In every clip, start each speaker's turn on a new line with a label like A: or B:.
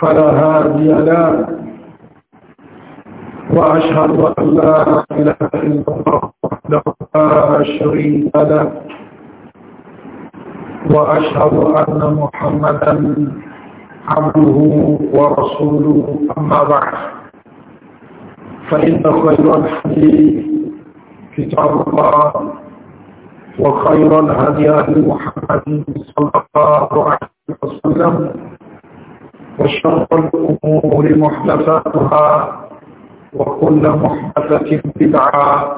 A: فلا هادي له وأشهد أن لا إله إلا الله وحده لا شريك له وأشهد أن محمدا عبده ورسوله أما بعد فإن خير الحديث كتاب الله
B: وخير الهدي
A: محمد صلى الله عليه وسلم وشر الأمور محدثاتها وكل محدثة بدعة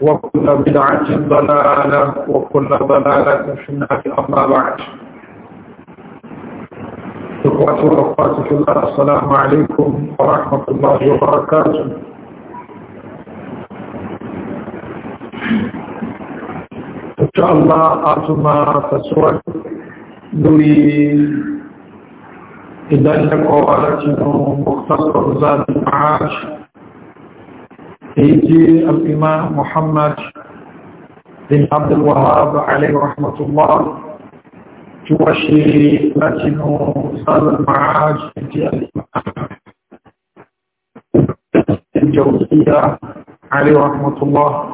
A: وكل بدعة ضلالة وكل ضلالة في النار أما بعد إخواتي وأخواتي في الله السلام عليكم ورحمة الله وبركاته إن شاء الله أعطنا تسوى لي كذلك قراءته مختصر زاد المعاش يجي الإمام محمد بن عبد الوهاب عليه رحمة الله توشي لكن زاد المعاش يجي الجوزية عليه رحمة الله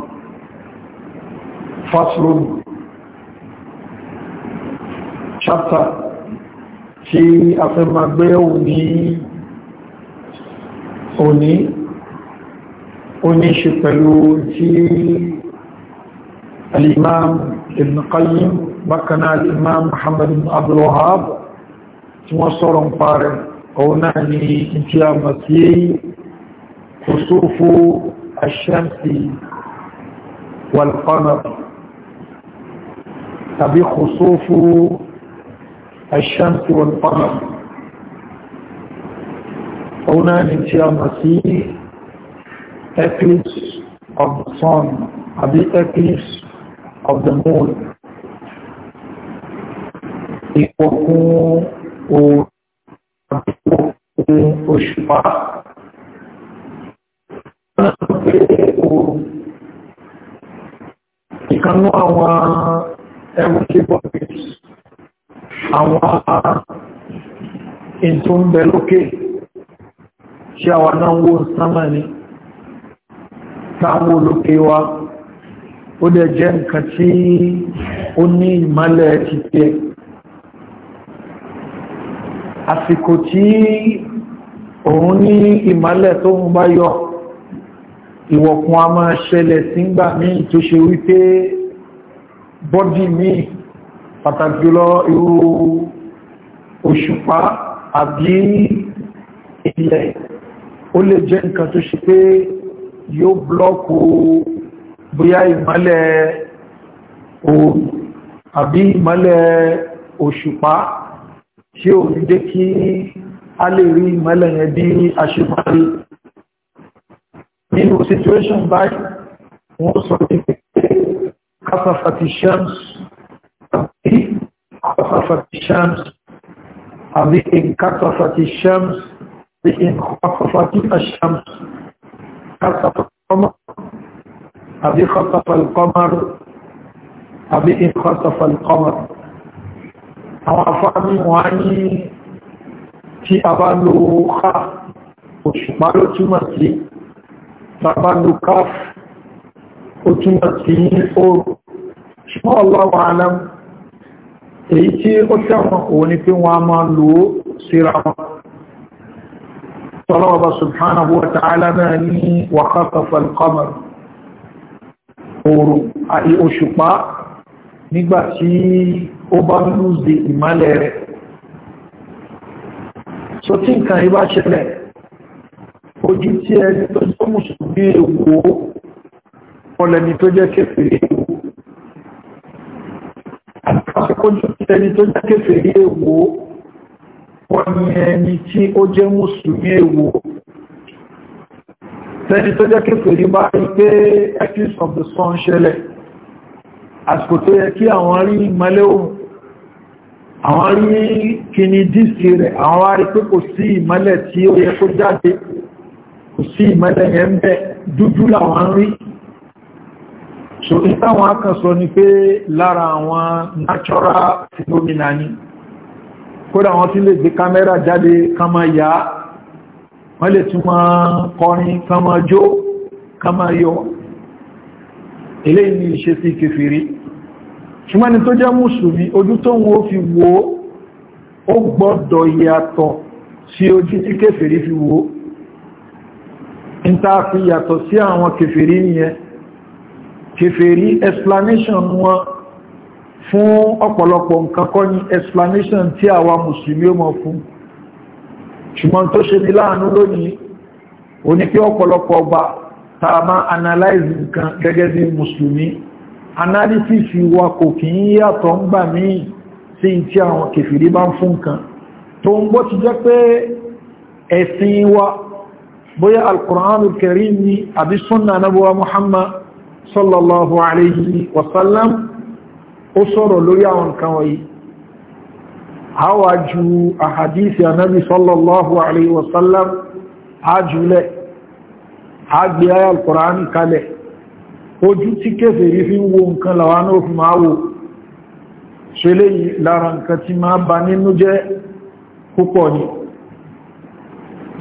A: فصل شابتر tí a fẹ́ ma gbé òní òní òní ṣe pẹ̀lú al’imam ibn qayyim bákaná al-imam muhammad ibn abdul wahhab tí wọ́n sọ̀rọ̀ ń parẹ̀ òun náà ni tí a ma tí sí kùsùfù ash-shamsi wal-qamar tàbí kùsùfù الشمس والقمر هنا نتيام see eclipse of the sun or the eclipse of the moon ìkọ̀kún oòrùn
B: àti ìkọ̀kún òṣùpá
A: ìkanú àwọn ẹwùn àwọn ètò ń bẹ lókè ṣe àwọn náà wó sánmà ní táwọn olókè wa ó dẹ̀ jẹ́ nǹkan tí ó ní ìmọ́lẹ̀ ti tẹ́ àsìkò tí òun ní ìmọ́lẹ̀ tó ń bá yọ ìwọ̀kun a máa ṣẹlẹ̀ sí ń gbà míì tó wípé bọ́dì míì pàtàkì jùlọ irú òṣùpá àbí ilẹ̀ ó lè jẹ́ nǹkan tó ṣe pé yóò blọ́kù bóyá ìmọ́lẹ̀ oòrùn àbí ìmọ́lẹ̀ òṣùpá tí ò ní jẹ́ kí a lè rí ìmọ́lẹ̀ yẹn bí a nínú situation báyìí wọ́n sọ ti pé kásáfà ti ṣẹ́mùsù انخفضت الشمس هذه انكطفت الشمس انخفضت الشمس خطف القمر هذه خطف القمر هذه انخطف القمر وفاني واني في أبانو خا وشمالو تمسي فأبانو كاف وتمسي أو شما الله أعلم èyí tí ó ṣẹ́wọ̀n òun ni pé wọ́n a máa lò ó síra wọn tọ́lọ́wọ́bá subhanahu wa ta'ala náà ní wa khashafa al-qamar oòrùn àti òṣùpá nígbà tí ó bá lùzì ìmálẹ̀ rẹ̀ so tí nǹkan ibá ṣẹlẹ̀ ojú tí ẹni tó jẹ́ mùsùlùmí èwò ọlẹ́ni tó jẹ́ kéfèrè èwò àti kọ́jọ́ tẹni tó jẹ́ kèfèrí èwò wọ́n ni ẹni tí ó jẹ́ mùsùlùmí èwò tẹni tó jẹ́ kèfèrí bá rí pé eclipse of the sun ṣẹlẹ̀ àsìkò tó yẹ kí àwọn rí ìmọ́lẹ̀ ohun àwọn rí kíní díìsì rẹ̀ àwọn rí pé kò sí ìmọ́lẹ̀ tí ó yẹ kó jáde kò sí ìmọ́lẹ̀ yẹn bẹ́ẹ̀ dúdú làwọn rí so ìtàwọn akànsọ ni pé lára àwọn natural phenomena ni kódà wọ́n ti lè gbé kámẹ́rà jáde kama yaa yá wọ́n lè tún máa kọrin kama jo kama yọ eléyìí ni ìṣe sí kèfèrí ṣùgbọ́n ni tó jẹ́ mùsùlùmí ojú tó ń wo fi wo ó gbọ́dọ̀ yàtọ̀ sí ojú tí fi wo ń fi yàtọ̀ sí àwọn kèfèrí nìyẹn kèfèrí explanation wọn fún ọ̀pọ̀lọpọ̀ nǹkan ní explanation tí àwa mùsùlùmí ó mọ̀ fún ṣùgbọ́n tó ṣe ní láàánú lónìí o ní pé ọ̀pọ̀lọpọ̀ ọba tá analyze nǹkan gẹ́gẹ́ bí mùsùlùmí analysis wa kò kì í yàtọ̀ ń gbà míì sí tí àwọn kèfèrí bá ń fún nǹkan tó ń bó ti jẹ́ pé ẹ̀sìn wa bóyá al-Qur'anul ni àbí sunna nabuwa Muhammad sallallahu alayhi wa sallam ó sọ̀rọ̀ lórí àwọn nǹkan wọ̀nyí àwájú àhàdísì ànábì sallallahu alayhi wa sallam ájúlẹ̀ àgbé ayà al-Qur'ani kalẹ̀ ojú tí kèfèrí fi ń wo nǹkan làwọn náà fi máa wò ṣe léyìí lára nǹkan tí máa bà nínú jẹ́ púpọ̀ ni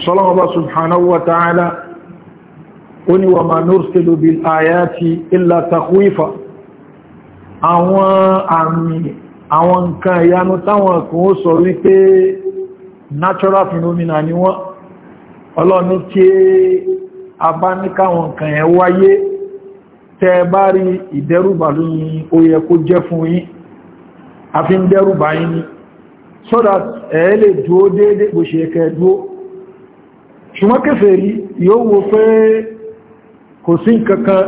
A: sọ́lọ́wọ́ subhanahu wa ta'ala ó ní wà máa nursilu bil ayati illa takhwifa àwọn àmì àwọn nǹkan ìyanu táwọn kan ó sọ wípé natural phenomena ni wọ́n ọlọ́ni tí a bá ní káwọn nǹkan ẹ̀ wáyé tẹ bá rí ìdẹ́rùbà lóyìn ó yẹ kó jẹ́ fún yín a fi ń dẹ́rùbà yín ni so that ẹ̀ lè dúó déédé bó ṣe kẹ́ dúó ṣùgbọ́n kèfèrí yóò wo pé kò sí kankan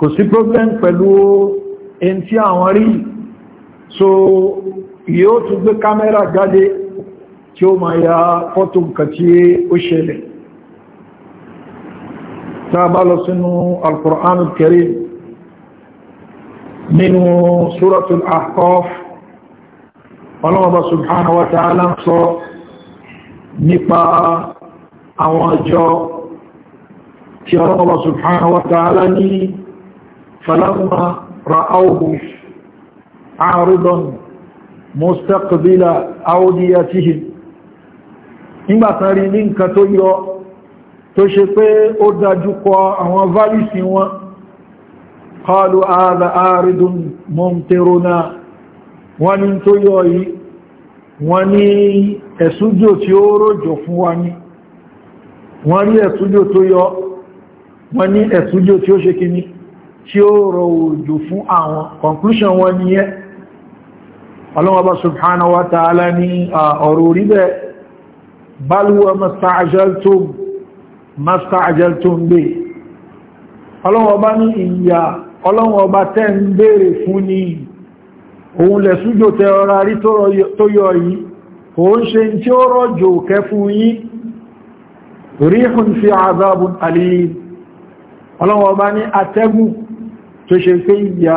A: kò sí problem pẹ̀lú ẹni tí àwọn rí so yóò tún gbé kámẹ́rà jáde tí ó ma ya fọ́tò nǹkan tí ó ṣẹlẹ̀ tàbá lọ sínú al-Qur'an al-Karim nínú suratul Ahqaf ọlọ́mọba subhanahu wa ta'ala ń sọ nípa àwọn ọjọ́ tí ọlọ́wọ́ subhanahu wa ta'ala ní falamma ra'awhu aridan mustaqbila awdiyatihim nígbàtán rí ní nǹkan tó yọ tó ṣe pé ó dájúkọ àwọn válìsì wọn qalu hadha aridun mumtiruna wọ́n ní tó yọ yìí wọ́n ní ẹ̀sújò tí ó rọ̀jò fún wa ní wọ́n rí ẹ̀sújò tó yọ wọ́n ní ẹ̀sújò tí ó ṣe kí ní tí ó rọ òjò fún àwọn conclusion wọn ni yẹ́ ọlọ́wọ́bá subhanahu wa ta'ala ní ọ̀rọ̀ orí bẹ́ balwa masta'ajaltum masta'ajaltum bẹ́ ọlọ́wọ́bá ní ìyà ọlọ́wọ́bá tẹ́ ń bèèrè fún ní òun lẹ̀sújò tẹ ọ̀rọ̀ àrí tó yọ yìí òun ṣe tí ó rọ̀jò kẹfún yìí ríhùn fi azabun alim ọlọ́wọ́ bá ní atẹ́gùn tó ṣe pé ìyà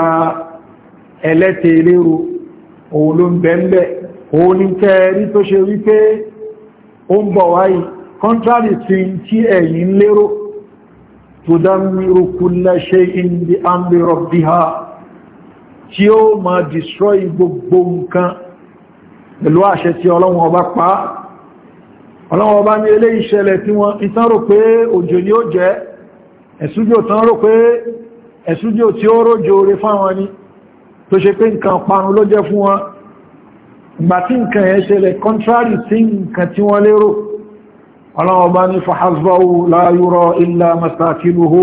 A: ẹlẹ́tẹ̀ eléro òun ló ń bẹ̀ẹ́lẹ̀ òun ní tẹ́ẹ̀rí tó ṣe wípé ó ń bọ̀ wáyé contrary to tí ẹ̀yìn lérò tó dámírò kulla shay'in bi amri rabbiha tí ó ma destroy gbogbo nǹkan pẹ̀lú àṣẹ tí ọlọ́wọ́ bá pa ọlọ́wọ́ bá ní ilé ìṣẹ̀lẹ̀ tí wọ́n ìtàrò pé òjò ni ó jẹ́ ẹ̀sújò tán rò pé ẹ̀sújò tí ó rójò orí fáwọn ni tó ṣe pé nǹkan parun ló jẹ́ fún wọn ìgbà tí nǹkan ẹ̀ ṣẹlẹ̀ contrary sí nǹkan tí wọ́n lérò ọlọ́wọ́ ní fahazbáwò láyúrọ ilá masakinuhu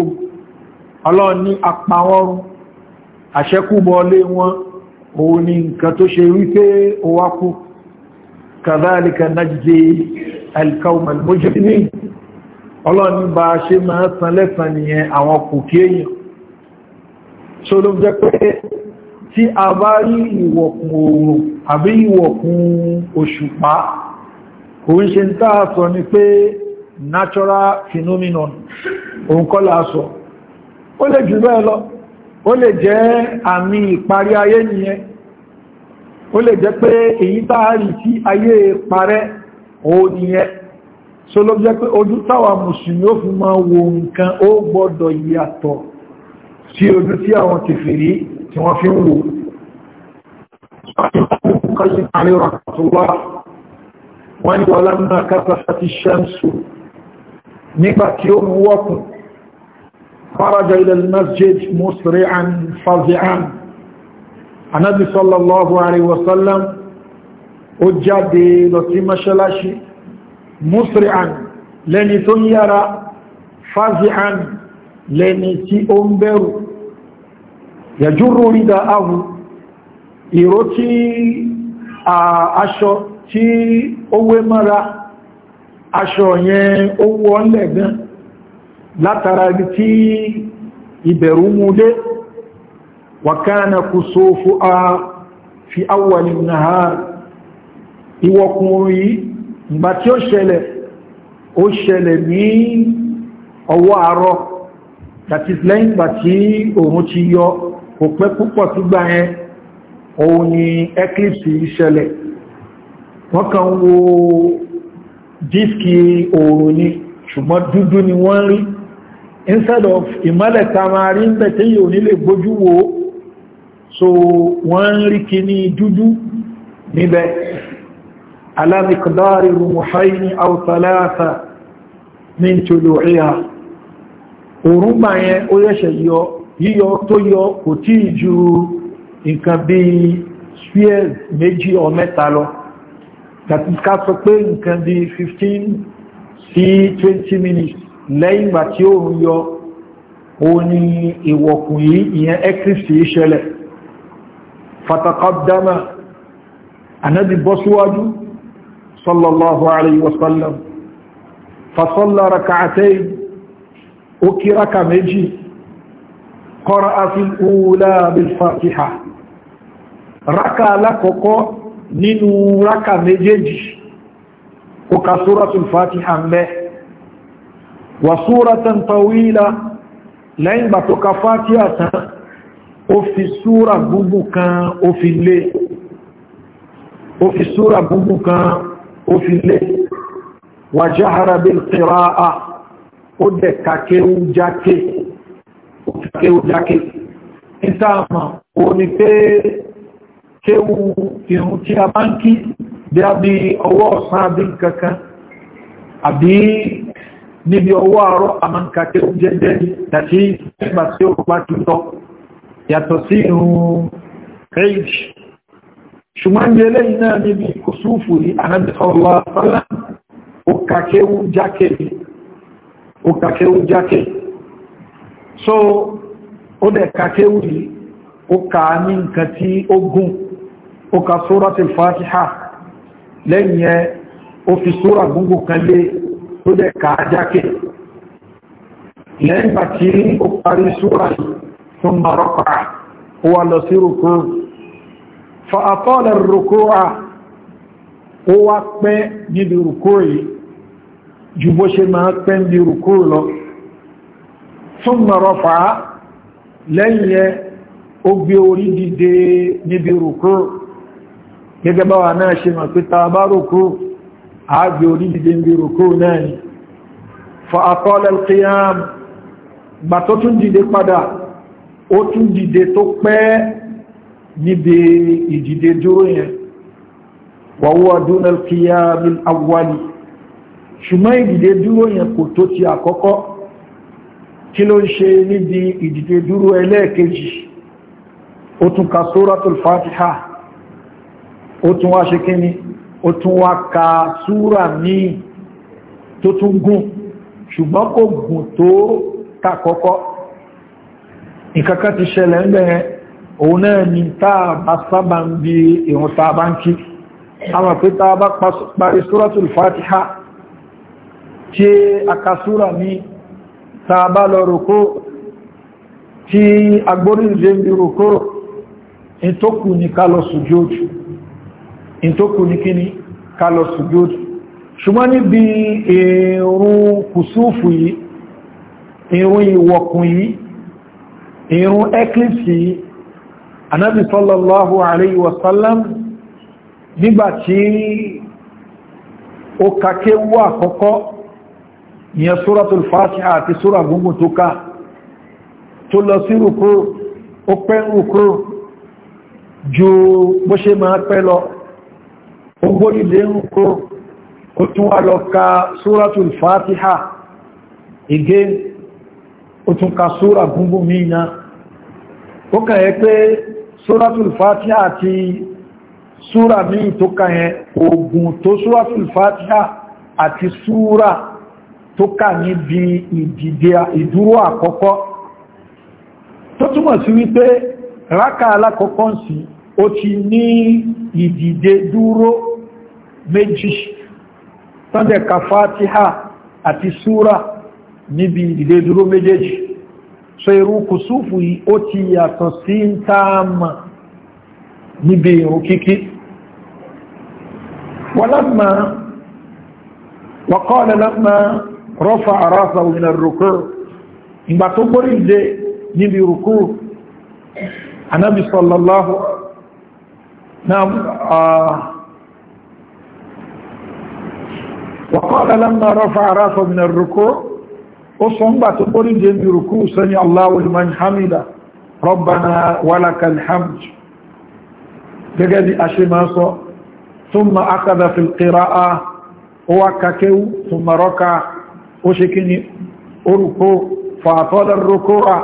A: ọlọ́ni bá ṣe máa san lẹ́san nìyẹn àwọn kò kí èyàn so ló jẹ́ pé tí a bá rí ìwọ̀kùn oòrùn àbí ìwọ̀kùn òṣùpá òun ṣe ń tàà sọ ni pé natural phenomenon òun kọ́ la sọ ó lè jù bẹ́ẹ̀ lọ ó lè jẹ́ àmì ìparí ayé nìyẹn ó lè jẹ́ pé èyí tàà rí tí ayé parẹ́ òun nìyẹn so ló jẹ́ pé ojú táwa mùsùlùmí ó fi máa wo nǹkan ó gbọ́dọ̀ yàtọ̀ sí ojú tí àwọn kèfèrí tí wọ́n fi ń wò wọ́n ni wọ́n lámà kápá ti ṣẹ́mṣù nígbà tí ó mú wọ́pùn faraja ilẹ̀ masjid musri'an fazi'an anábi sallallahu ó jáde lọ sí mọ́ṣáláṣí musri'an lẹni tó ń yára fazi'an lẹni tí ó ń bẹ̀rù yàjúrú rídà áhù ìró tí a aṣọ tí ó wé mara aṣọ yẹn ó wọ́n lẹ̀gbẹ́ látara tí ìbẹ̀rù mú dé wàkánà kù sófú a fi awwalin nahar ìwọkùnrin yìí ìgbà tí ó ṣẹlẹ̀ ó ṣẹlẹ̀ ní ọwọ́ àárọ̀ that is lẹ́yìn ìgbà tí òun ti yọ kò pẹ́ púpọ̀ sígbà yẹn òun ni eclipse ṣẹlẹ̀ wọ́n kàn wo dískì oòrùn ni ṣùgbọ́n dúdú ni wọ́n rí instead of ìmọ́lẹ̀ ta máa rí ń bẹ̀ tí yíò nílé gbójú wo so wọ́n rí kí ní dúdú níbẹ̀ على مقدار رمحين أو ثلاثة من طلوعها òrùn bá yẹn ó yẹ́ṣẹ̀ yọ yíyọ tó yọ kò tí ju nǹkan bí spheres méjì ọ mẹ́ta lọ tàbí ká sọ pé nǹkan bí 15 sí 20 minutes lẹ́yìn ìgbà tí òrùn yọ ó ní ìwọ̀kùn yìí ìyẹn eclipse yìí ṣẹlẹ̀ fatakọ́dámà anábì bọ́ síwájú صلى الله عليه وسلم فصلى ركعتين أكي ركمجي قرأ في الأولى بالفاتحة ركع لكوكو نينو ركمجي وكسورة الفاتحة مه وصورة طويلة لين بطوك فاتحة وفي سورة بوبو وفي الليل وفي سورة بوبو ó fi lé wà jáhara bil qira'a ó dẹ̀ kàkéwú jáké kàkéwú jáké ìtààmà ó ní pé kéwú ìrùn tí a bá ń kí bí a bí ọwọ́ ọ̀sán àbí kankan àbí níbi ọwọ́ àárọ̀ àmàǹkàkẹ́ oúnjẹ jẹ́ tàbí ẹgbà tí ó pàtútọ́ yàtọ̀ sí ìrùn kéèjì ṣùgbọ́n jẹ́ lẹ́yìn náà níbi kùsùfù ní àádọ́lá sálá ó kàkéwú jákè ó so ó dẹ̀ kàkéwú yìí ó kà á ní nǹkan tí ó gùn ó ka sóràtì fàtíhà lẹ́yìn ẹ ó fi sóra gúngùn kan lé ó dẹ̀ kà á jákè lẹ́yìn bàtí ó parí sóra yìí fún marọ́kà ó wà lọ sí rúkúrú fa'atọ́lẹ̀ rukúra ó wá pẹ́ níbi rukú yìí ju bó ṣe máa pẹ́ níbi rukú lọ tún mọ̀rọ̀ fàá lẹ́yìn ẹ ó gbé orí dìde níbi rukú gẹ́gẹ́ báwa náà ṣe mọ̀ pé ta bá rukú a gbé orí dìde níbi rukú náà ni fa'atọ́lẹ̀ kíyàm gbà tó tún dìde padà ó tún dìde tó pẹ́ níbi ìdìde dúró yẹn wàwọ́ dúnà kíyà ní awwali ṣùgbọ́n ìdìde dúró yẹn kò tó ti àkọ́kọ́ kí ló ń ṣe níbi ìdìde dúró ẹlẹ́ẹ̀kejì ó tún ka suratul fatiha ó tún wá ṣe kíni ó tún wá ka súra míì tó tún gùn ṣùgbọ́n kò gùn tó tàkọ́kọ́ nǹkan ti ṣẹlẹ̀ ń bẹ̀rẹ̀ òun náà ni táà bá sábà ń bí ìrun táà bá ń kí àwọn pé táà bá parí suratul fatiha tí akasúra ní táà bá lọ rùkú tí agbórílẹ̀ ń bí rùkú in tó kù ní ká lọ in tó kù ní kí ní ká lọ ṣùgbọ́n níbi ìrun kùsúfù yìí ìrun ìwọ̀kùn yìí ìrun eclipse yìí anábi sallallahu alayhi wa sallam nígbàtí ó kàké wà kọ́kọ́ ìyẹn suratul fatiha àti sura gungun tó ká tó lọ sí rùkú ó pẹ́ rùkú ju bó ṣe máa pẹ́ lọ ó gbórílé rùkú ó tún wà lọ ka suratul fatiha again ó tún ka sura gungun mìíràn ó kàn pé suratul fatiha àti súra míì tó kà yẹn ogun tó suratul fatiha àti súra tó kà níbi ìdìde ìdúró àkọ́kọ́ tó túmọ̀ sí wípé rákà alákọ̀ọ́kọ́ sí ó ti ní ìdìde dúró méjì tọ́jẹ̀ ka fatiha àti súra níbi ìdìde dúró méjèèjì so irú kùsùfù yìí ó ti yàtọ̀ sí ń táàmà níbi ìrùn kíkí wọ́lámà wọ́kọ́ọ̀lẹ̀ lámà rọ́fà àrọ́fà òmìnà rùkú ìgbà tó gbórí ìdè níbi rùkú anábi sallallahu نعم آه وقال لما رفع ó sọ ń gbà tó kórí jẹ́ bí rùkú sami Allahu liman hamida rabbana walakal hamd gẹ́gẹ́ bí a ṣe máa sọ thumma akhadha fil qira'a ó wá kakéwú thumma raka ó ṣe kí ni orúkó fa'atala ruku'a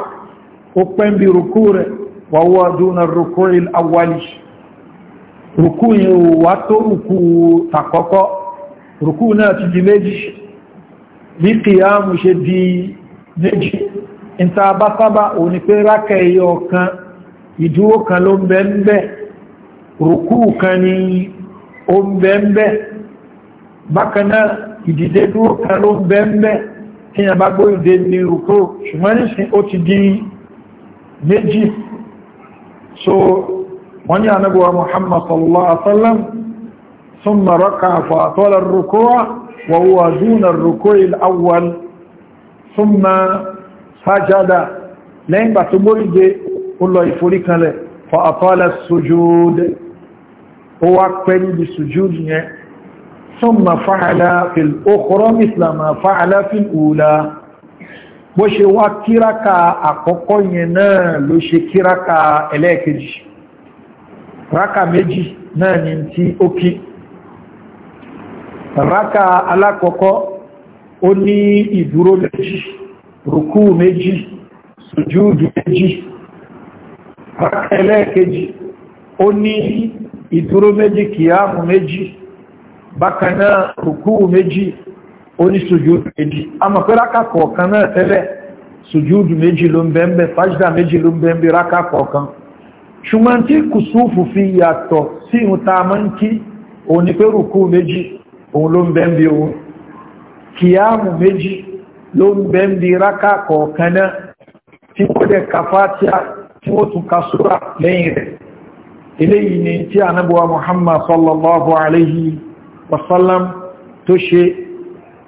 A: ó pẹ́ bí rùkú rẹ̀ wa huwa duna ruku'i al-awwali rùkú wà tó rùkú tàkọ́kọ́ rùkú náà ti di méjì bí kìyàmù ṣe di méjì ìta bá sábà ò ní pé rákẹ̀ iye ọ̀kan ìdúró kan ló ń bẹ ń bẹ rùkú kan ni ó ń bẹ ń bẹ bákan náà ìdìde dúró kan ló ń bẹ ń bẹ tí a bá gbóyìnde ní rùkú ṣùgbọ́n nísìn ó ti di méjì so wọ́n ní anábọ̀wà muhammad sallallahu alaihi wasallam summa fa atala ar وهو دون الركوع الأول ثم سجد لين باتمورد الله يفريك له فأطال السجود هو أكبر بالسجود ثم فعل في الأخرى مثل ما فعل في الأولى bó ṣe wá kíraka àkọ́kọ́ yẹn náà ló ṣe kíraka ẹlẹ́ẹ̀kejì okay raka alákọ̀ọ́kọ́ ó ní ìdúró méjì rùkú méjì sùjúdù méjì raka ẹlẹ́ẹ̀kejì ó ní ìdúró méjì kìyàmù méjì bákanáà rùkú méjì ó ní sùjúdù méjì a mọ̀ pé raka kọ̀ọ̀kan náà tẹ́lẹ̀ sùjúdù méjì ló ń bẹ́ẹ̀ fájídà méjì ló raka kọ̀ọ̀kan ṣùgbọ́n tí kùsùfù fi yàtọ̀ sí ìhun ta mọ́ ń kí òun ni pé rùkú méjì òun ló ń bẹ́ ń bí òun kìyàmù méjì ló ń bẹ́ ń bí rákà kọ̀ọ̀kan náà tí wọ́n dẹ̀ ka fátíà tí wọ́n tún ka súra lẹ́yìn rẹ̀ eléyìí ni tí anábọ̀wá muhammad sallallahu alayhi wa sallam tó ṣe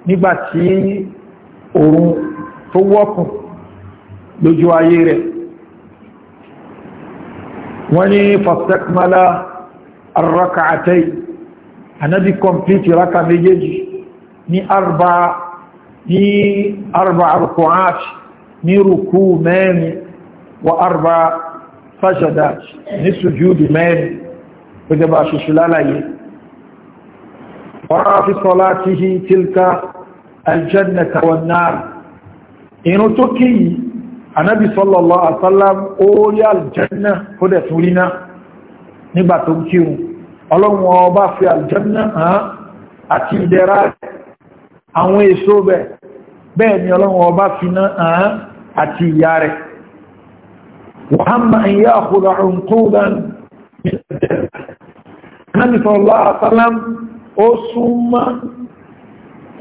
A: nígbàtí òun tó wọ́kùn lójú ayé rẹ̀ wọ́n ni fastakmala arraka'atayn anabi complete raka méjèèjì ní arba ní arba rukuat ní ruku mẹ́rin wa arba sajadat ní sujúdù mẹ́rin gẹ́gẹ́ bá ṣe ṣùlálàyé wọ́n fi sọ́lá tí hì tílka aljannata wọn náà inú tó kí yìí anabi sallallahu alaihi wasallam ó rí aljanna kó dẹ̀ tún rí náà ọlọ́run ọba fi àlùjànnà hàn àti ìdẹ̀ra àwọn èso bẹ̀ bẹ́ẹ̀ ni ọlọ́run ọba fi ná hàn àti ìyá rẹ̀ wàhámà ìyá àkùdà òǹkúdàn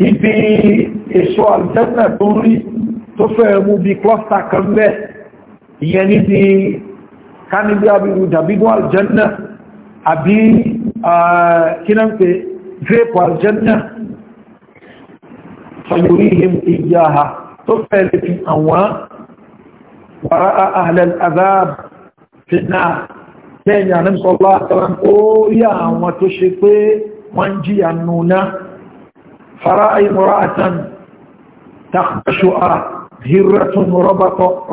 A: ibi èso àlùjànnà tó ń rí tó fẹ́ mú bí klọ́stà kan bẹ́ ìyẹn níbi káníbí abirù dàbídún àlùjànnà àbí kinan pe vape aljanna fayurihim iyaha tó fẹ́lẹ̀ fi àwọn wàrá ahlal azab fi náà lẹ́yìn àníṣọ́lá àtàrà ó rí àwọn tó ṣe pé wọ́n jí ànúná fara àìmọ́ra àtàn takbashu a hirratun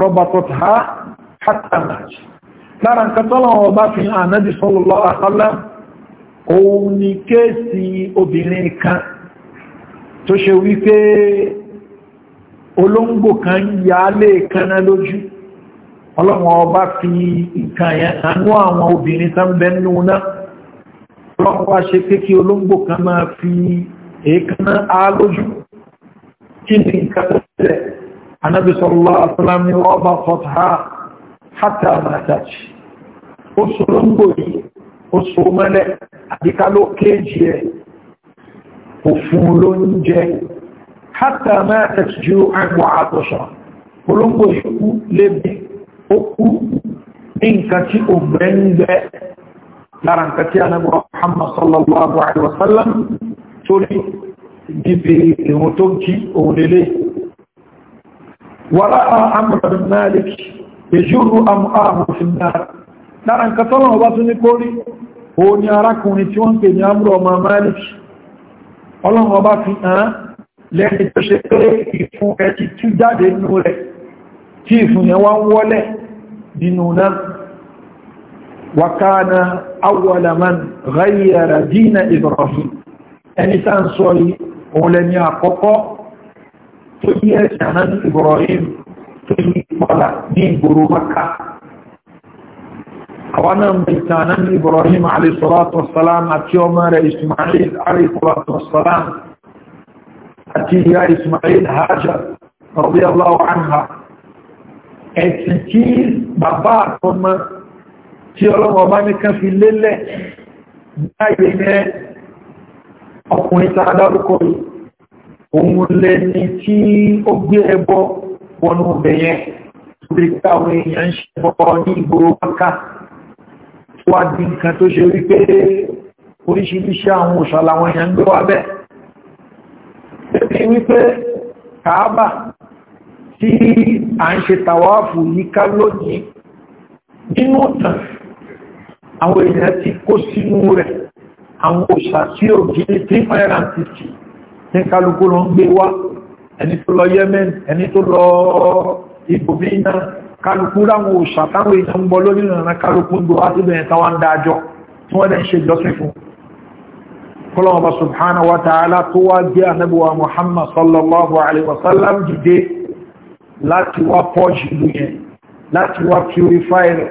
A: robatot ha hatta náà lára nǹkan tọ́lọ̀ ọba fi hàn náà òun ni kéèsì obìnrin kan tó ṣe wípé olóngbò kan ya lè kaná lójú ọlọ́wọ́n ọba fi nǹkan yẹn àánú àwọn obìnrin tán bẹ́nu náà ọlọ́wọ́n wá ṣe pé kí olóngbò kan máa fi èékaná á lójú kí ni nǹkan tó tẹ̀lẹ̀ anábì sallallahu alaihi wasallam ọba fọ́tà hátà màtàjì ó sọ yìí ó so mọ́lẹ̀ àbíká ló kéèjì ẹ̀ kò fún ló ń jẹ hátà máa tẹ̀síjú àgbà àtọ̀ṣọ́ olóńgbò ìṣòkú lébi ó kú ní nǹkan tí ó gbẹ́ ń gbẹ́ lára nǹkan tí anábọ̀ Muhammad sallallahu alaihi wasallam torí dìbì ìwọ̀n tó jí òun lélẹ̀ wàrà àmàrin Malik yajuru am'ahu fi an lára nǹkan tọ́lọ̀ ọba tún ní kórí o ní arákùnrin tí wọ́n pè ní àmúrò ọmọ malik ọlọ́run ọba fi hàn lẹ́ni tó ṣe pé ìfún ẹ̀kì tú jáde nínú rẹ̀ tí ìfún yẹn wá ń wọ́lẹ̀ nínú náà wakana awwalaman ghayyara dina ibrahim ẹni tá ń sọ yìí òun lẹ́ni àkọ́kọ́ tó yí ẹ̀sìn àná ibrahim tó yí ìpọ́lá ní ìgboro maka àwọn náà mọ̀ ìtànà ní Ibrahim alaihissalatu wassalam àti ọmọ rẹ̀ Ismail alaihissalatu wassalam àti ìyá Ismail Hajar radiyallahu anha ẹ̀sìn tí bàbá àtọmọ tí ọlọ́wọ́ bá ní kan fi lélẹ̀ báyé ní ọkùnrin tá a dárúkọ yìí òun lẹni tí ó gbé ẹbọ wọnú ọbẹ̀ yẹn torí káwọn èèyàn ń ṣẹbọ ní ìgboro pátá wá di nǹkan tó ṣe wípé oríṣiríṣi àwọn òṣàlà wọn èèyàn gbé wá bẹ́ẹ̀ tẹ́lẹ̀ wípé kàábà tí a ń ṣe tàwáàfù yíká lónìí nínú ọ̀tàn àwọn èèyàn ti kó sínú rẹ̀ àwọn òṣà tí ò jí ní 350 ní kálukú lọ ń gbé wá ẹni tó lọ Yemen ẹni tó lọ ibòmínà kálukú ráwọn òṣà táwọn èèyàn ń bọ lórí ìrànà kálukú ń bọ wá síbẹ̀ yẹn táwọn ń dájọ́ tí wọ́n dẹ̀ ń ṣe ìjọsìn fún kọlọ́wọ́ bá subhanahu wa ta'ala tó wá gbé anábíwa muhammad sallallahu alaihi wasallam dìde láti wá pọ́jì ìlú yẹn láti wá purify rẹ̀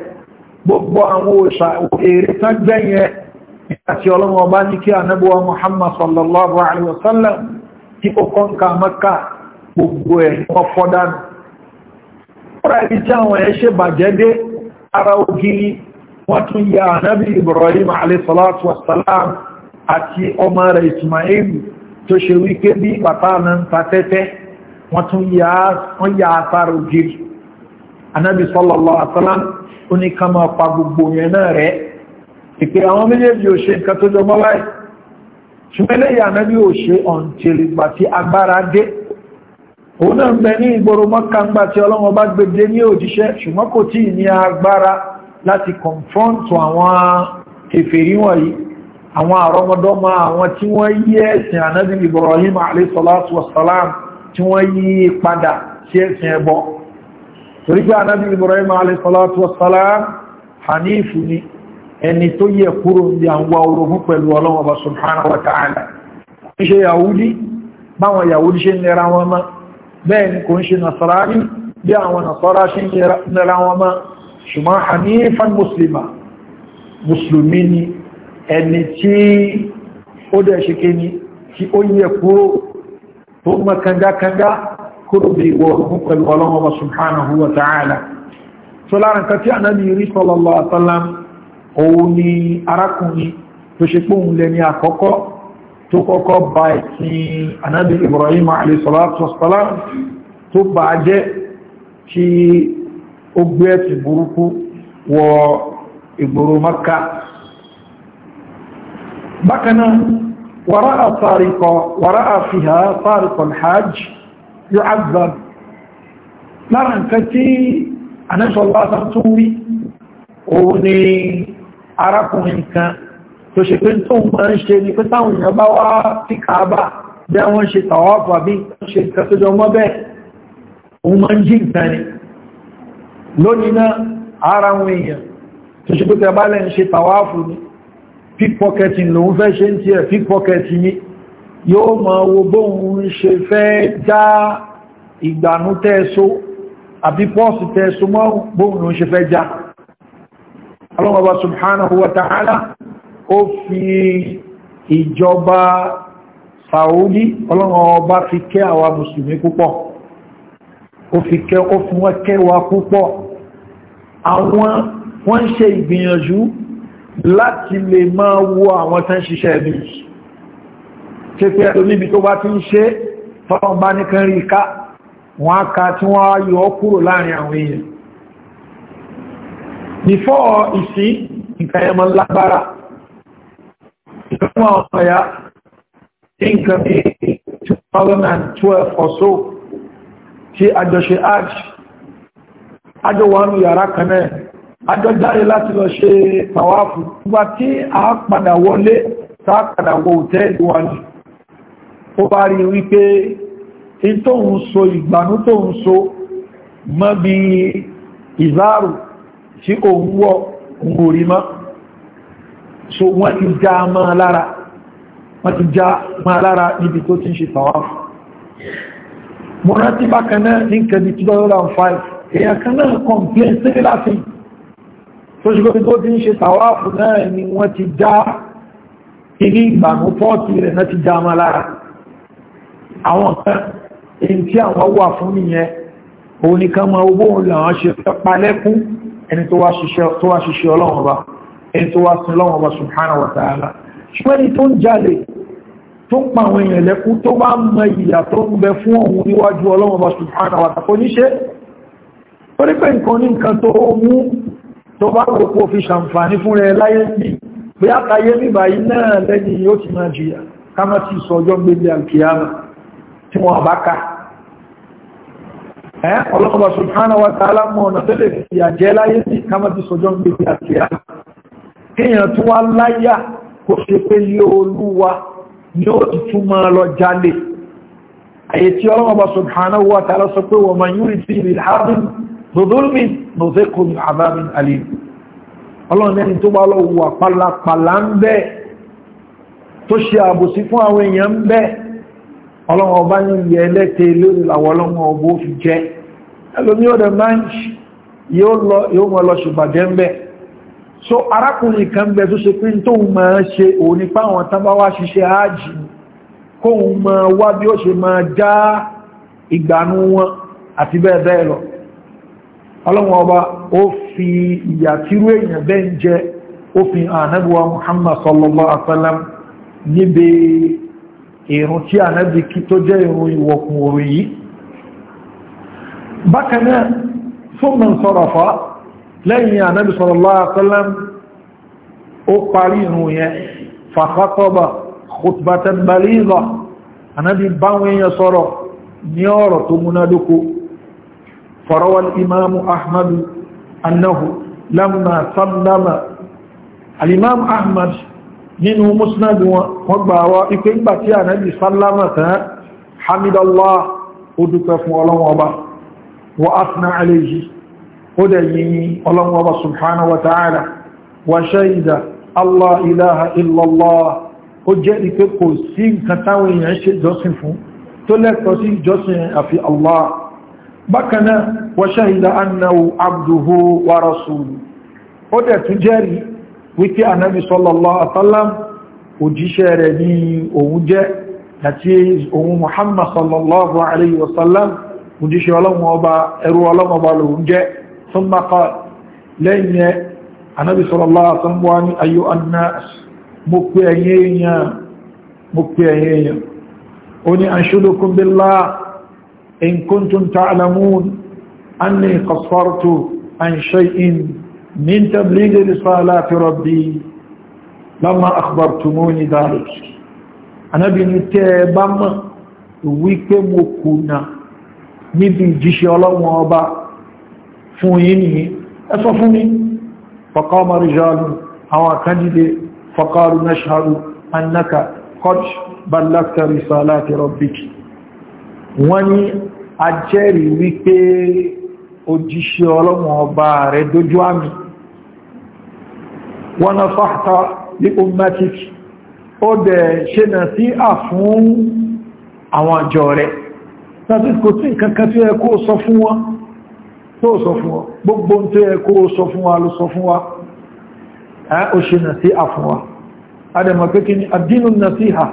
A: ráìbí tí àwọn ẹ̀ ṣe bàjẹ́ dé ara ògiri wọ́n tún ya ànábì Ibrahim alaihissalatu wassalam àti ọmọ rẹ̀ Ismail tó ṣe wípé bí bàtà náà ń ta tẹ́tẹ́ wọ́n tún ya àtàrà ògiri ànábì sallallahu alaihi wasallam ó ní ká máa pa gbogbo yẹn náà rẹ̀ ìpé àwọn méjèèjì ò ṣe nǹkan tó jọmọ́ báyìí ṣùgbẹ́lẹ̀ yà náà ò ṣe ọ̀ǹtẹ̀lẹ̀gbà òun náà bẹ ní ìgboro mọ́kàngbà tí ọlọ́wọ́ bá gbèdé ní òjíṣẹ́ ṣùgbọ́n kò tí ní agbára láti kọ̀nfọ́ntù àwọn kèfèrí wọ̀nyí àwọn àrọmọdọ́mọ àwọn tí wọ́n yí ẹ̀sìn ànábì Ibrahim alayhi salatu wassalam tí wọ́n yí padà sí ẹ̀sìn ẹbọ torí pé ànábì Ibrahim alayhi salatu wassalam hanifu ni ẹni tó yẹ kúrò ní àwọn orogún pẹ̀lú ṣe ń lera wọn máa bẹ́ẹ̀ ni kò ń ṣe nasarari bí àwọn nasara ṣe ń nira wọn má ṣùgbọ́n hanifan muslima musulmi ni ẹni tí ó dẹ̀ ṣe ké ni tí ó yẹ kúrò tó mọ́ kangakanga kúrò bí ìwọ̀n pẹ̀lú ọlọ́wọ́ subhanahu wa ta'ala tó lára nǹkan tí ànábì rí sallallahu alaihi wasallam òun ni arákùnrin tó ṣe pé òun lẹ́ni àkọ́kọ́ tó kọ́kọ́ bá ẹ̀sìn anábì Ibrahim alayhi salatu wassalam tó bá jẹ́ kí ó gbé ẹ̀sìn burúkú wọ ìgboro Makka bákanáà wàráà sáríkọ wàráà fìhà sáríkọ hajj yóò àgbà lára nǹkan tí anáṣọ́lá sáà tún rí òun ni arákùnrin kan tó ṣe pé tó máa ń ṣe ní pé táwọn èèyàn bá wá sí kàábà bí wọ́n ṣe tàwáfù àbí ṣe nǹkan tó jọ mọ́ bẹ́ẹ̀ òun máa ń jí nǹkan ni lónìí náà ara àwọn èèyàn tó ṣe pé tẹ bá lẹ́yìn ṣe tàwáfù ní pípọ́kẹtì lòun fẹ́ ṣe ń tiẹ̀ pípọ́kẹtì ní yóò máa wo bóhun ṣe fẹ́ já ìgbànú tẹ́ẹ̀só àbí pọ́ọ̀sì tẹ́ẹ̀só mọ́ bóhun ń ṣe fẹ́ já Allah subhanahu wa ta'ala ó fi ìjọba Saudi ọlọ́run ọba fi kẹ́ àwa mùsùlùmí púpọ̀ ó fi kẹ́ ó fún wọn kẹ́ wa púpọ̀ àwọn wọ́n ń ṣe ìgbìyànjú láti lè máa wo àwọn tán ṣiṣẹ́ bí ṣe pé ẹlòmíbi tó bá ti ń ṣe tọ́lọ́n bá ní kan rí ká wọ́n á ka tí wọ́n á yọ ọ́ kúrò láàrin àwọn èèyàn before ìsìn nǹkan ẹmọ lágbára Come on, yeah. Think of 2012 or so, tí àjọ ṣe arch, àjọ wà ní yàrá kan náà, àjọ láti lọ ṣe tàwáfù. Nígbà tí a padà wọlé, tá padà wọ òtẹ́ẹ̀lì wa ní. bá rí wípé tó ń so so wọ́n ti já máa lára wọ́n ti já máa lára níbi tó ti ń ṣe tàwáfù mo rántí bákan náà ní nǹkan bí 2005 èèyàn kan náà complain sí láti tó ṣe gómìnà tó ti ń ṣe tàwáàfù náà ni wọ́n ti já ilé ìgbàmú pọ́ọ̀tì rẹ̀ náà ti já máa lára àwọn kan èyí tí àwọn wà fún nìyẹn òun nìkan mọ owó òun làwọn ṣe palẹ́kún ẹni tó wá ṣiṣẹ́ ọlọ́run bá ẹni tó wá sún lọ́wọ́ ọba subhanahu wa ta'ala ṣùgbọ́n ẹni tó ń jalè tó ń pa àwọn èèyàn lẹ́kún tó bá mọ ìyà tó ń bẹ fún òun níwájú ọlọ́wọ́ ọba subhanahu wa ta'ala kò ní ṣe ó ní pé nǹkan ní nǹkan tó mú tó bá rò kó fi ṣàǹfàní fún rẹ láyé ní pé àtàyé nígbà yìí náà lẹ́yìn yóò ọlọ́pàá subhanahu wa ta'ala mọ̀ ọ̀nà tẹ́lẹ̀ fìyà jẹ́ láyé ní ká má ti sọ ọjọ́ gbélé alkiyama kéèyàn tó wá láyá kò ṣe pé ilé olúwa ni ó ti tún máa lọ jalè àyè tí ọlọ́wọ́ bá ṣùgbọ́n wà tààrà sọ pé wa man yurid bihi ilhaadin nùdúrùmí nùdíkù àbábin alim ọlọ́run ẹni tó bá lọ wà ń bẹ́ tó ṣe àbòsí fún àwọn èèyàn ń bẹ́ ẹlẹ́tẹ̀ lórí so arákùnrin kan bẹ tó ṣe pé tó ń máa ṣe òní páwọn tán bá wá ṣiṣẹ́ ájì kóhun máa wá bí ó ṣe máa já ìgbànú wọn àti bẹ́ẹ̀ bẹ́ẹ̀ lọ ọlọ́wọ́n ọba ó fi ìyà èèyàn bẹ́ẹ̀ jẹ ó fi ànábíwa Muhammad sallallahu alaihi wasallam níbi ìrùn tí ànábí kí tó jẹ́ ìrùn ìwọ̀kùn òru lẹ́yìn ànábì sallallahu alaihi wasallam ó parí ìrun yẹn fa khataba khutbatan baligha ànábì báwọn èèyàn sọ̀rọ̀ ní ọ̀rọ̀ tó múnádókó farawa al-imamu ahmadu annahu lamma sallama al-imamu ahmad nínú musnadu wọn gbà wá ipé ìgbà tí ànábì sallama tán hamidallah ó fún ọlọ́wọ́ ọba wa asna alayhi ó dẹ̀ yìí ọlọ́run ọba subhanahu wa ta'ala wa ṣáìdà allah ilaha illallah ó jẹ́ ìpé kò sí nǹkan táwọn èèyàn ṣe jọ́sìn fún tó lẹ́tọ̀ọ́ sí jọ́sìn àfi allah bákanáà wa ṣáìdà annahu abduhu wa rasulu ó dẹ̀ tún jẹ́rìí wípé anábi sallallahu alaihi wasallam òjíṣẹ́ rẹ̀ ثم قال لن النبي صلى الله عليه وسلم أي الناس مكيين مكيين أني أنشدكم بالله إن كنتم تعلمون أني قصرت عن شيء من تبليغ رسالات ربي لما أخبرتموني ذلك أنا بنتابم ويكمكنا من الجيش الله وبعض fún yí nìyí ẹ sọ fún mi faqama rijalun àwọn àkàndìdè faqalu nashhadu annaka qad ballagta risalati rabbiki wọ́n ní ajẹ́rìí wípé òjíṣẹ́ ọlọ́wọ̀n ọba rẹ̀ dójú àmì wa nasahta li ummatik ó dẹ̀ ṣe nà sí àfún àwọn àjọ rẹ̀ tàbí kò tí nǹkan tí ó sọ fún wọn tó sọ fún wa gbogbo tó yẹ kó sọ fún wa ló sọ fún wa ó ṣe nàṣíhà fún wa adẹ̀mọ̀ pé kí ni àdínú nàṣíhà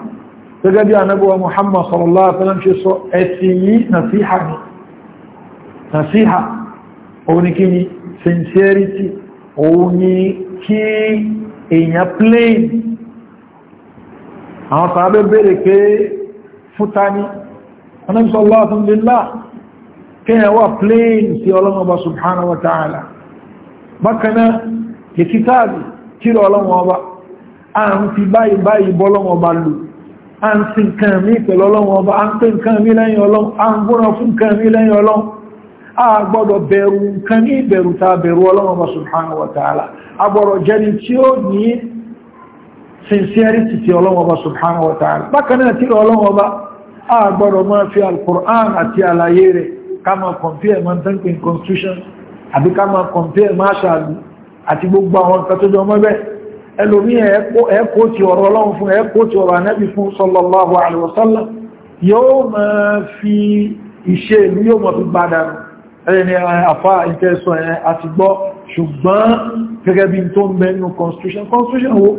A: gẹ́gẹ́ bí anábọ̀wà Muhammad sallallahu alaihi wasallam ṣe sọ ẹ̀sìn ni nàṣíhà òun ni sincerity òun ni kí èèyàn plain àwọn sàábẹ́ kíyàn wà plain sí ọlọ́mọba subhanahu wa ta'ala bákaná lè a ń fi báyìí báyìí bọ́lọ́mọba lò a ń sin nǹkan pẹ̀lú ọlọ́mọba a ń pè nǹkan lẹ́yìn a ń gbọ́nà fún nǹkan lẹ́yìn a gbọ́dọ̀ bẹ̀rù ta bẹ̀rù ọlọ́mọba a gbọ́dọ̀ tí ó ní sincerity ti ọlọ́mọba subhanahu bákaná a gbọ́dọ̀ máa fi àti Kama compare man tan pin constitution àbí ká compare marshal àti gbogbo àwọn nǹkan tó jọ mọ́ bẹ́ẹ̀ ẹlòmí ẹ̀kọ́ ti ọ̀rọ̀ ọlọ́run fún ẹ̀kọ́ ti ọ̀rọ̀ ànábì fún sallallahu alaihi wasallam yóò máa fi iṣẹ́ ìlú yóò máa fi gbádà ẹni àfá ìtẹ́sọ ẹ̀ àti gbọ́ ṣùgbọ́n gẹ́gẹ́ bí tó ń bẹ constitution constitution wo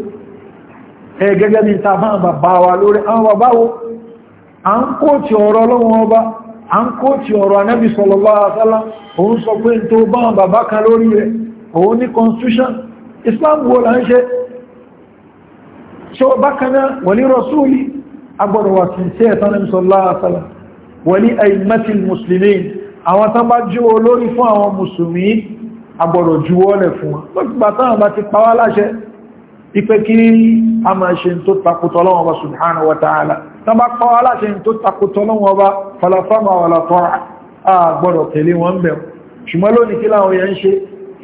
A: gẹ́gẹ́ bí ta bá bàbá wa lórí àwọn bàbá a ń kó ti ọ̀rọ̀ anábì sallallahu alaihi wasallam òun sọ pé tó bá wọn bàbá kan lórí rẹ̀ òun ní constitution islam wo là ń ṣe ṣe bákaná wàlí rasúlì agbọ̀rọ̀wà sí ẹ̀tọ́nà sallallahu alaihi wasallam wàlí aimatil muslimin àwọn tán bá jú olórí fún àwọn musulmi agbọ̀rọ̀ juwọ́lẹ̀ a máa ṣe tó takùtọ̀ lọ́wọ́ subhanahu wa ta'ala tán bá pọ́ aláṣẹ tó takòtọ́ lọ́wọ́ ọba falafama ọ̀làtọ́ra àgbọ́dọ̀ tẹ̀lé wọn bẹ̀ ṣùgbọ́n lónìí kí láwọn èèyàn ṣe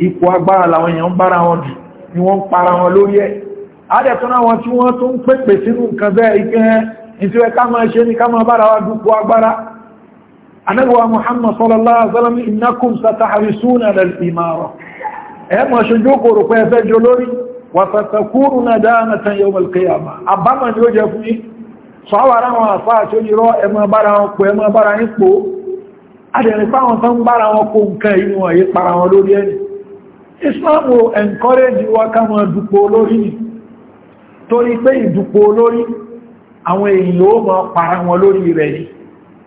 A: ipò agbára làwọn èèyàn ń bára wọn dù ni wọ́n ń para wọn lórí ẹ̀ adẹ̀tọ́nà wọn tí wọ́n tó ń pèpè sínú nǹkan bẹ́ẹ̀ ikẹ́ ìfẹ́ ká máa ṣe ní ká máa bára wá dúkú agbára anẹ́gbà Muhammad sallallahu alaihi wasallam innakum sataharisuna lal ẹ mọ̀ ṣojú kòrò pẹ́ jọ lórí wa satakununa danatan yawm al-qiyamah àbámọ̀ ni fún sọ àwọn ará wọn àfáà tí ó yí rọ ẹmọ bára wọn pò ẹmọ bára yín pò adẹ̀rin fáwọn tán bára wọn kó nǹkan inú ọ̀yí para wọn lórí ẹni Islam o encourage wa ká mọ dupò olórí ni torí pé ìdupò olórí àwọn èèyàn ó mọ para wọn lórí rẹ̀ ni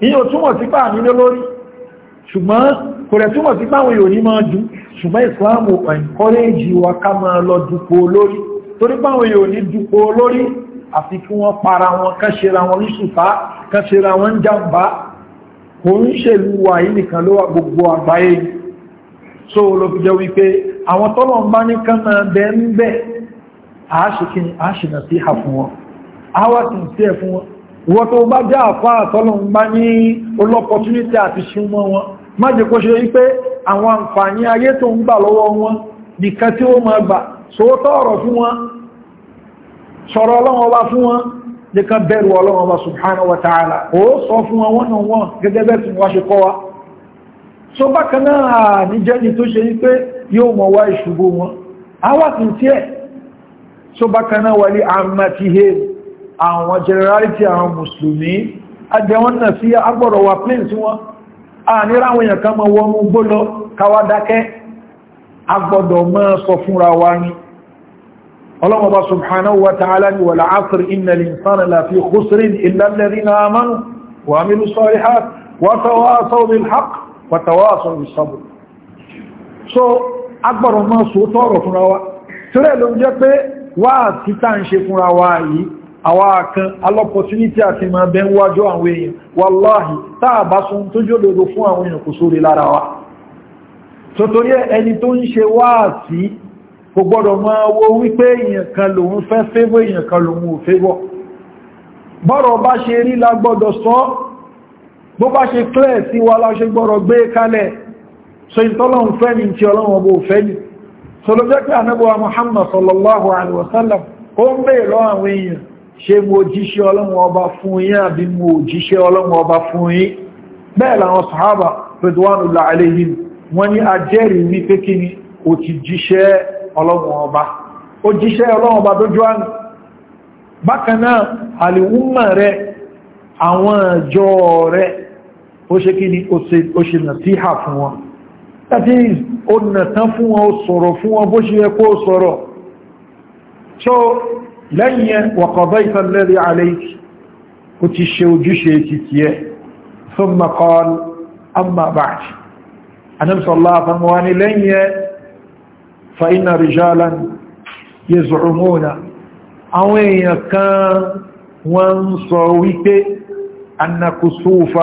A: ìyẹn ò túmọ̀ sí pà nílé lórí ṣùgbọ́n kò rẹ̀ túmọ̀ sí pàwọn èèyàn ní o encourage wa àfi kí wọ́n para wọn káṣera wọn ní ṣùfá káṣera wọn jàmbá kò wà yìí nìkan ló wà gbogbo àgbáyé so ló fi jẹ́ wípé àwọn tọ́lọ̀ ń bá ní kánà bẹ́ ń bẹ́ àṣìnà sí ha fún wọn àwà tí ń sí ẹ̀ fún wọn wọ́n tó àwọn àǹfààní ayé tó ń gbà lọ́wọ́ wọn nìkan tí ó máa gbà sóótọ́ ọ̀rọ̀ fún wọn sọ̀rọ̀ ọlọ́run ọba fún wọn lè kan bẹ̀rù ọlọ́run ọba subhanahu wa ta'ala ó sọ fún wọn wọ́n náà wọ́n gẹ́gẹ́ bẹ́ẹ̀ tí wọ́n ṣe kọ́ wa so bákan náà níjẹ́ ni tó ṣe wípé yóò mọ̀ wá ìṣubú wọn awàtún tí ẹ̀ so bákan náà wà ní àwọn generality àwọn mùsùlùmí ajẹ́wọ́n náà sí agbọ̀rọ̀ wà plane tí wọ́n a níráwọn èèyàn kan mọ̀ wọ́n mú káwádákẹ́ agbọ́dọ̀ mọ́ sọ fúnra wa ni ọlọ́mọba subhanahu wa ta'ala ni wàlá asir inna linsana lafi khusrin illalari na amánu wa amilu salihat wàtàwàsọ́ bil haq wàtàwàsọ́ bil sabr so agbọ̀rọ̀ máa so tọ́rọ̀ fúnra wa tílẹ̀ ló jẹ́ pé wà tí tá ń ṣe fúnra wa yìí àwa kan alọ́pọ̀túnítì àti ma bẹ́ ń wájú àwọn èèyàn wàláhì táà bá sun tó jòdòdó fún àwọn èèyàn kò sóre lára wa tòtòrí ẹni tó ń ṣe wáàtí kò gbọ́dọ̀ máa wo wípé èèyàn kan lòun fẹ́ fẹ́bọ̀ èèyàn kan lòun ò fẹ́bọ̀ bọ́rọ̀ bá ṣe rí la sọ bó bá ṣe clear sí wa la gbọ́rọ̀ gbé kalẹ̀ so ìtọ́lọ́run fẹ́ ni tí ọlọ́run bó so ló jẹ́ pé Muhammad sallallahu alaihi wasallam ó ń bèèrè lọ àwọn èèyàn ṣe mo jíṣẹ́ ọlọ́run ọba fún yín àbí mo jíṣẹ́ ọlọ́run ọba ni ó ti ọlọ́run ọba ó jíṣẹ́ ọlọ́run ọba tó jọ àmì bákanáà àlìwúmà rẹ àwọn àjọ rẹ ó ṣe kí ni ó ṣe nà sí hà fún wọn that is ó nà tán fún wọn ó sọ̀rọ̀ fún wọn bó ṣe yẹ kó sọ̀rọ̀ so lẹ́yìn wàkọ̀bẹ́ ìtànlẹ́rí àlẹ́ìkì ó ti ṣe ojúṣe títí ẹ fún makọ́l amma anamsọ́lá àfàmọ́wá ni lẹ́yìn فإن رجالا يزعمون أوين يكان وانصويك أن كسوف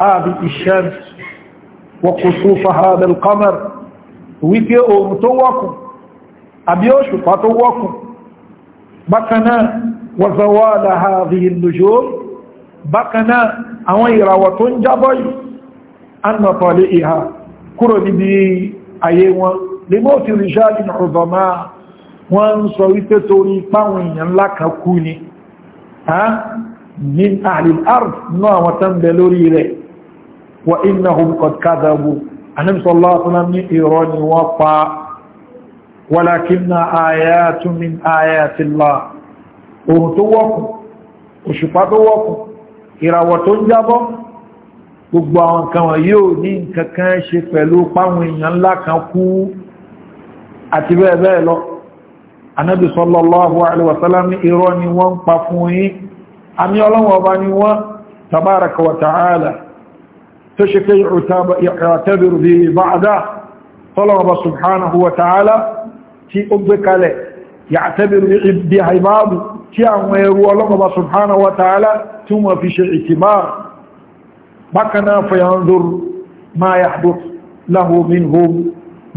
A: آبي الشمس وكسوف هذا القمر ويكي أمتوكم أبيوشو فاتوكم بكنا وزوال هذه النجوم بكنا أوير وتنجبي أن طالئها كرني بي أيوان lèmọ́ ti rìṣáàdì ọ̀dọ̀má wọ́n ń sọ wípé torí páwọn èèyàn ńlá kan kú ni ní àlè àrùn náà wọ́n tán bẹ lórí rẹ̀ wà iná hùn kọ̀kádàbù anìsọ́lọ́sọ́lá ní ìrọ́ ni wọ́n pa wàlákínà ayatun min ayatillah gbogbo àwọn kan wọ̀nyí ní nǹkan kan ṣe pẹ̀lú páwọn èèyàn ńlá kan kú àti bẹ́ẹ̀ bẹ́ẹ̀ lọ anábì sallallahu alaihi wasallam ní irọ́ ni wọ́n ń pa fún yín àmì ọlọ́wọ́ ọba ni wọ́n tabaraka wa ta'ala tó ṣe pé ìrọ̀tẹ́bìrù bí ba'da tọ́lọ̀ọba subhanahu wa ta'ala tí ó gbé kalẹ̀ yàtẹ́bìrù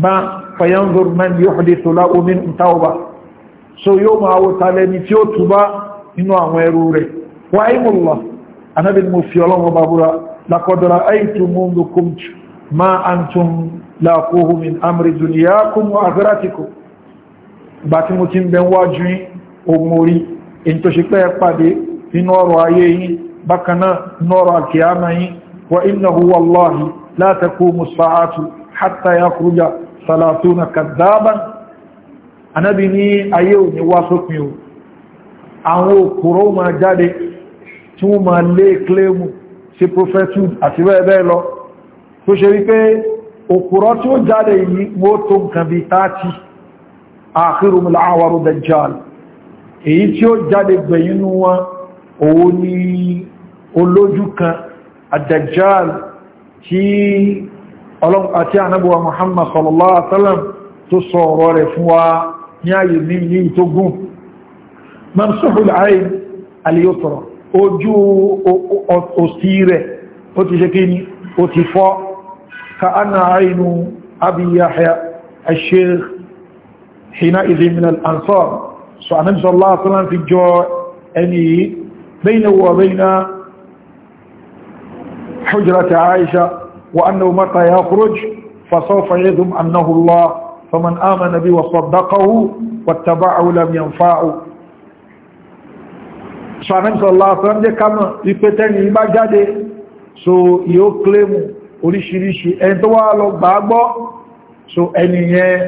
A: ma فينظر من يحدث له من توبة so yóò máa wo talẹ̀ ni tí ó túbá nínú àwọn ẹrú rẹ̀ wà ímùlá anábì mo fi ọlọ́run ọba búra lakọ̀dọ̀rà àìtù mú lukùn jù ma an tún láàkóhù min amri duniya kún mú agbáratìkò bá tí mo ti ń bẹn wájú ohun orí in tó ṣe pẹ́ pàdé nínú ọrọ̀ ayé yìí bákanáà nínú ọrọ̀ àkíyàmá yìí wa innahu wallahi la taqumu as-sa'atu hatta yakhruja salatuna kadhaban anábi ní ayé òní wá sópin o àwọn òkúrò ma jáde tí wọ́n ma lé kílẹ̀mù sí prophethood àti bẹ́ẹ̀bẹ́ẹ̀ lọ tó ṣe wípé òkúrò tí ó jáde yìí mó tó nǹkan bí táàtì akhirum al dajjal èyí tí ó jáde gbẹ̀yìnú wọn òun ni olójú kan àdàjáàlì tí ọlọ́m àti ànábọ̀wà Muhammad sallallahu alaihi wasallam tó sọ ọ̀rọ̀ rẹ̀ fún wa ní ayé ní yìí tó gùn mamsuhul ayn al-yusra ojú òsì rẹ̀ ó ti ṣe kí ni ó ti fọ́ ka ana aynu abi yahya al aisha وأنه متى يخرج فسوف يذم أنه الله فمن آمن به وصدقه واتبعه لم ينفعه so anabi sallallahu alaihi wasallam jẹ́ kama ipe tẹ́ni bá jáde so yóò kílèmù oríṣiríṣi ẹni tó wá lọ gbàgbọ́ so ẹni yẹn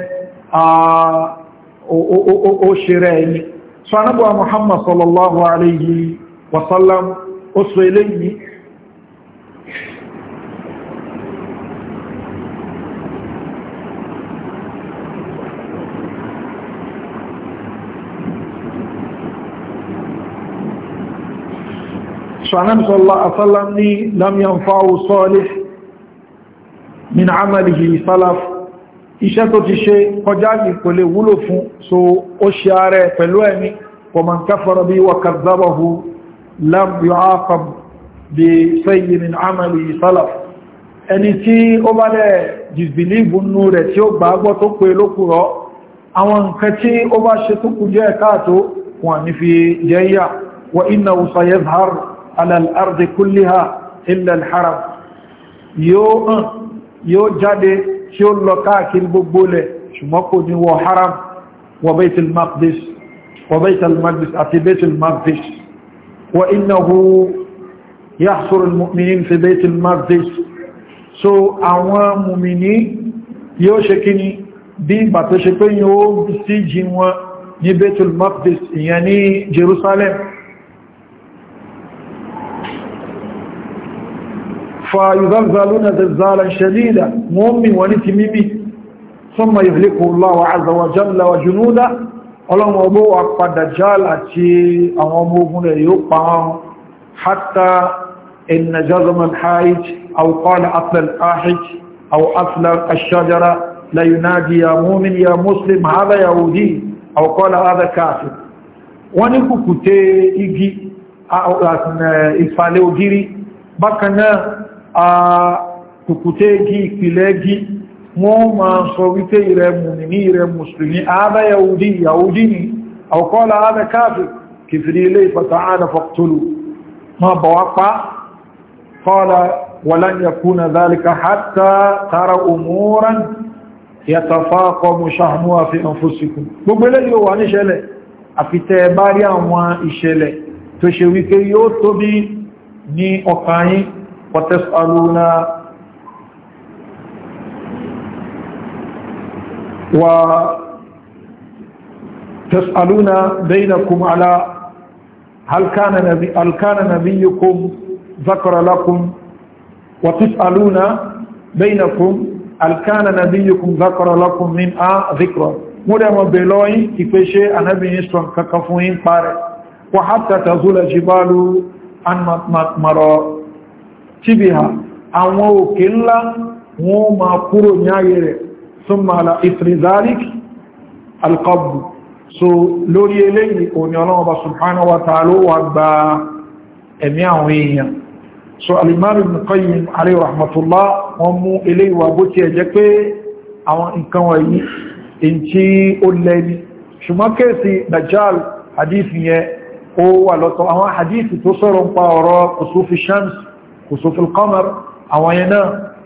A: ó ṣe rẹ̀ ẹni so anábọ̀wà muhammad sallallahu alaihi wasallam ó so eléyìí ṣàánàbí sọ́lá àtàlá ní lámíyàn fáwọ́ sọ́ọ̀lẹ̀ min amalihi salaf iṣẹ́ tó ti ṣe kọjá ní kò lè wúlò fún so ó ṣe ààrẹ pẹ̀lú ẹni ومن كفر بي وكذبه لم يعاقب بسيء من عمله سلف ẹni tí ó bá lẹ́ disbelieve nú rẹ̀ tí ó gbàgbọ́ tó pé lókùrọ́ àwọn nǹkan tí wa inna sayazhar على الأرض كلها إلا الحرم يو يو جادي شو اللقاك الببولة شمكو نيو حرم وبيت المقدس وبيت المقدس أتي بيت المقدس وإنه يحصر المؤمنين في بيت المقدس سو أعوى مؤمنين يو شكيني بي باتشكين يو بسي جنوى ني بيت المقدس يعني جيروساليم فيزلزلون زلزالا شديدا مؤمن ونتميمي ثم يهلكه الله عز وجل وجنوده ọlọ́run ọgbó àpàdàjál àti àwọn ọmọ ogun rẹ̀ yóò pa wọn hátà ẹ̀nà jazaman haij àwọ̀kọ́lá afẹ́l ahij àwọ̀ afẹ́lá aṣájára layunadi wọ́n ní kùkùté igi ìfàlẹ̀ ògiri bákanáà a kùkùté igi ìpìlẹ̀ igi wọ́n ma sọ wípé ìrẹ mùmìní ìrẹ mùsùlùmí ààbẹ̀ yahudi yahudi ni àwọ̀kọ́lá ààbẹ̀ káàfì kìfìrí ilé ìfàtàánà fọ́ktulù ma bọ̀ wá pa kọ́lá ولن يكون ذلك حتى ترى امورا يتفاقم شحمها وتسألون وتسألون بينكم على هل كان نبي هل كان نبيكم ذكر لكم وتسألون بينكم هل كان نبيكم ذكر لكم من آ ذكر مدام بلوي كيفشي أنا يسوع ككفوين بار وحتى تزول جبال عن مرأ tíbíhà àwọn òkè ńlá wọ́n ma kúrò ní ayé rẹ̀ tún ma la ìfìrìzárík alkọ̀bù so lórí eléyìí òní ọlọ́wọ́ bá subhanahu wa ta'ala wà gba ẹ̀mí àwọn èèyàn so alimari mukayyim alayhi rahmatullah wọ́n mú eléyìí wà bó ti ẹ̀jẹ́ pé àwọn nǹkan wọ̀nyí in tí ó lẹ́ni ṣùgbọ́n kéèsì dajjal hadith yẹn ó wà lọ́tọ̀ àwọn hadith tó sọ̀rọ̀ ń pa ọ̀rọ̀ kùsùfi shams kusufil qamar àwọn yẹn náà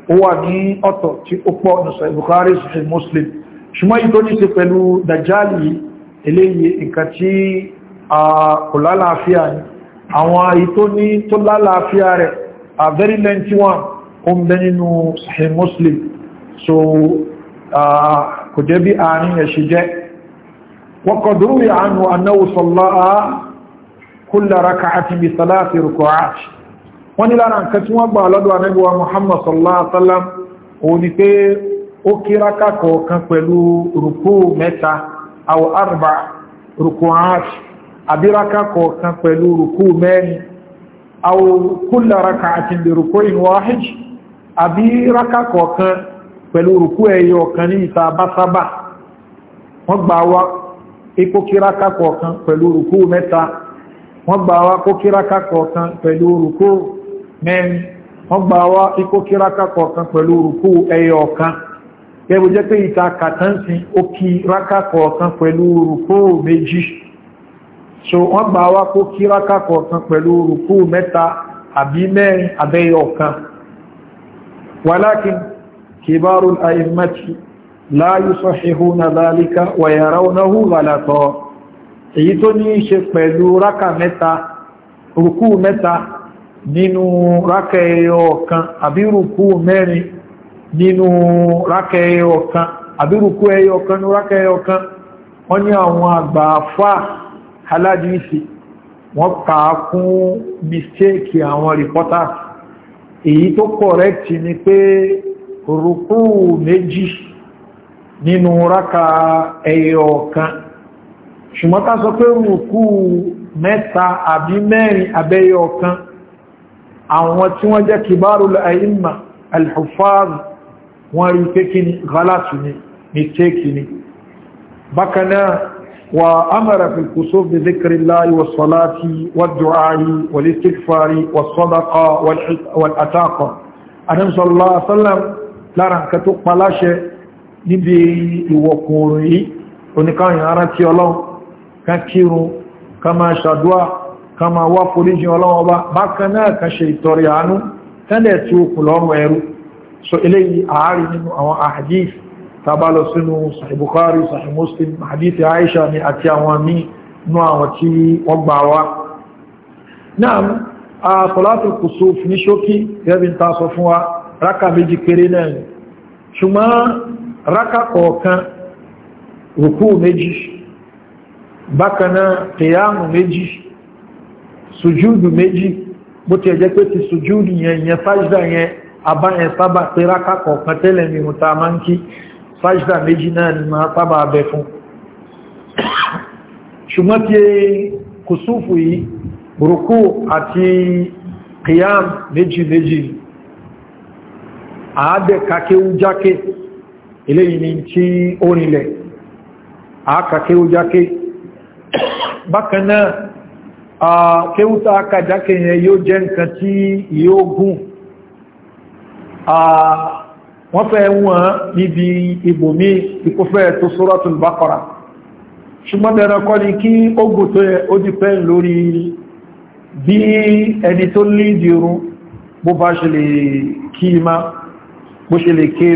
A: ó wà ní ọ̀tọ̀ tí ó pọ̀ nùsọ̀ Bukhari sahih Muslim ṣùgbọ́n yìí tó ní ṣe pẹ̀lú dajjali eléyìí nǹkan tí kò lálàáfíà ni àwọn èyí tó ní tó lálàáfíà rẹ̀ a very lengthy one nínú sahih Muslim so kò jẹ́ bí àárín ẹ̀ ṣe jẹ́ وقد روي عنه أنه صلى كل ركعة بثلاث wọ́n ní lára nǹkan tí wọ́n gbà lọ́dọ̀ anẹ́gbọ́wà Muhammad sallallahu alaihi wasallam ó ní pé ó kíra kákọ̀ọ́ kan pẹ̀lú rùkú mẹ́ta aw arba rùkú ash abíraka kọ̀ọ̀kan pẹ̀lú rùkú mẹ́rin aw kulla raka'atin bi ruk'in wahid abíraka kọ̀ọ̀kan pẹ̀lú rùkú ẹyọ kan ní ìta básábà wọ́n gbà wá ipò kíráka kọ̀ọ̀kan pẹ̀lú rùkú mẹ́ta wọ́n gbà wá kó kíráka kọ̀ọ̀kan pẹ̀lú rùkú mẹ́rin wọ́n gbà wá ikó kíraka kọ̀ọ̀kan pẹ̀lú rùkú ẹyọ ọ̀kan ẹbù jẹ́ pé ìta kàtánsì ó kíraka kọ̀ọ̀kan pẹ̀lú rùkú méjì so wọ́n gbà wá kó kíraka kọ̀ọ̀kan pẹ̀lú rùkú mẹ́ta àbí mẹ́rin abẹ́yọ ọ̀kan walakin kibarul a'immati la yusahihuna dhalika nínú rákà ẹyọ ọ̀kan àbírùkú mẹ́rin nínú rákà ẹyọ ọ̀kan àbírùkú ẹyọ ọ̀kan nínú rákà ẹyọ ọ̀kan wọ́n ní àwọn àgbà àfà aládìísì wọ́n kà á kún mistake àwọn reporters èyí tó correct ni pé rùkú méjì nínú rákà ẹyọ ọ̀kan ṣùgbọ́n ká sọ pé rùkú mẹ́ta àbí mẹ́rin àbẹ́yọ ọ̀kan àwọn tí wọ́n jẹ́ kibarul a'imma al-huffaz wọ́n rí tẹ́kì ní ghalatu ní mistake ní bákanáà wa amara fi kusuf bi zikrillahi wa salati wa du'a'i wa istighfari wa sadaqa wa ataqa anam sallallahu alaihi wasallam lára nǹkan Kama máa wá foríjì ọlọ́wọ́ bá bákan náà kan ṣe ìtọrẹ àánú tẹ́lẹ̀ tí ó kù lọ́rùn ẹrú so eléyìí ààrí nínú àwọn ahadith tabalọ sínú sahih bukhari sahih muslim hadith aisha ni àti àwọn mí nú àwọn tí wọ́n gbà wá náà a salatul kusuf ní ṣókí gẹ́bí ta sọ fún wa rákà méjì péré náà ni ṣùgbọ́n rákà kọ̀ọ̀kan rùkú méjì bákan náà kìyàmù méjì sùjúdù méjì bó ti ẹ̀jẹ́ pé ti sùjúdù yẹn yẹn fájúdà yẹn abáyẹn sábà pé rákà kọ̀ọ̀kan tẹ́lẹ̀ ní máa ń kí fájúdà méjì náà ni máa sábà abẹ fún ṣùgbọ́n ti kùsùfù yìí rùkú àti kìyàm méjì méjì àádẹ́ kakéwú jákè eléyìí ni tí ó rinlẹ̀ àákakéwú jákè bákan náà kéwútà kàjákè yẹn yóò jẹ́ nǹkan tí yóò gùn wọ́n fẹ́ wọ́n níbi ìbòmí ìkófẹ́ tó Suratul Baqara ṣùgbọ́n bẹ̀rẹ̀ kọ́ ni kí ó gùn tó yẹ ó dípẹ́ lórí bí ẹni tó lídìí rú bó bá ṣe lè kí ma bó ṣe lè ké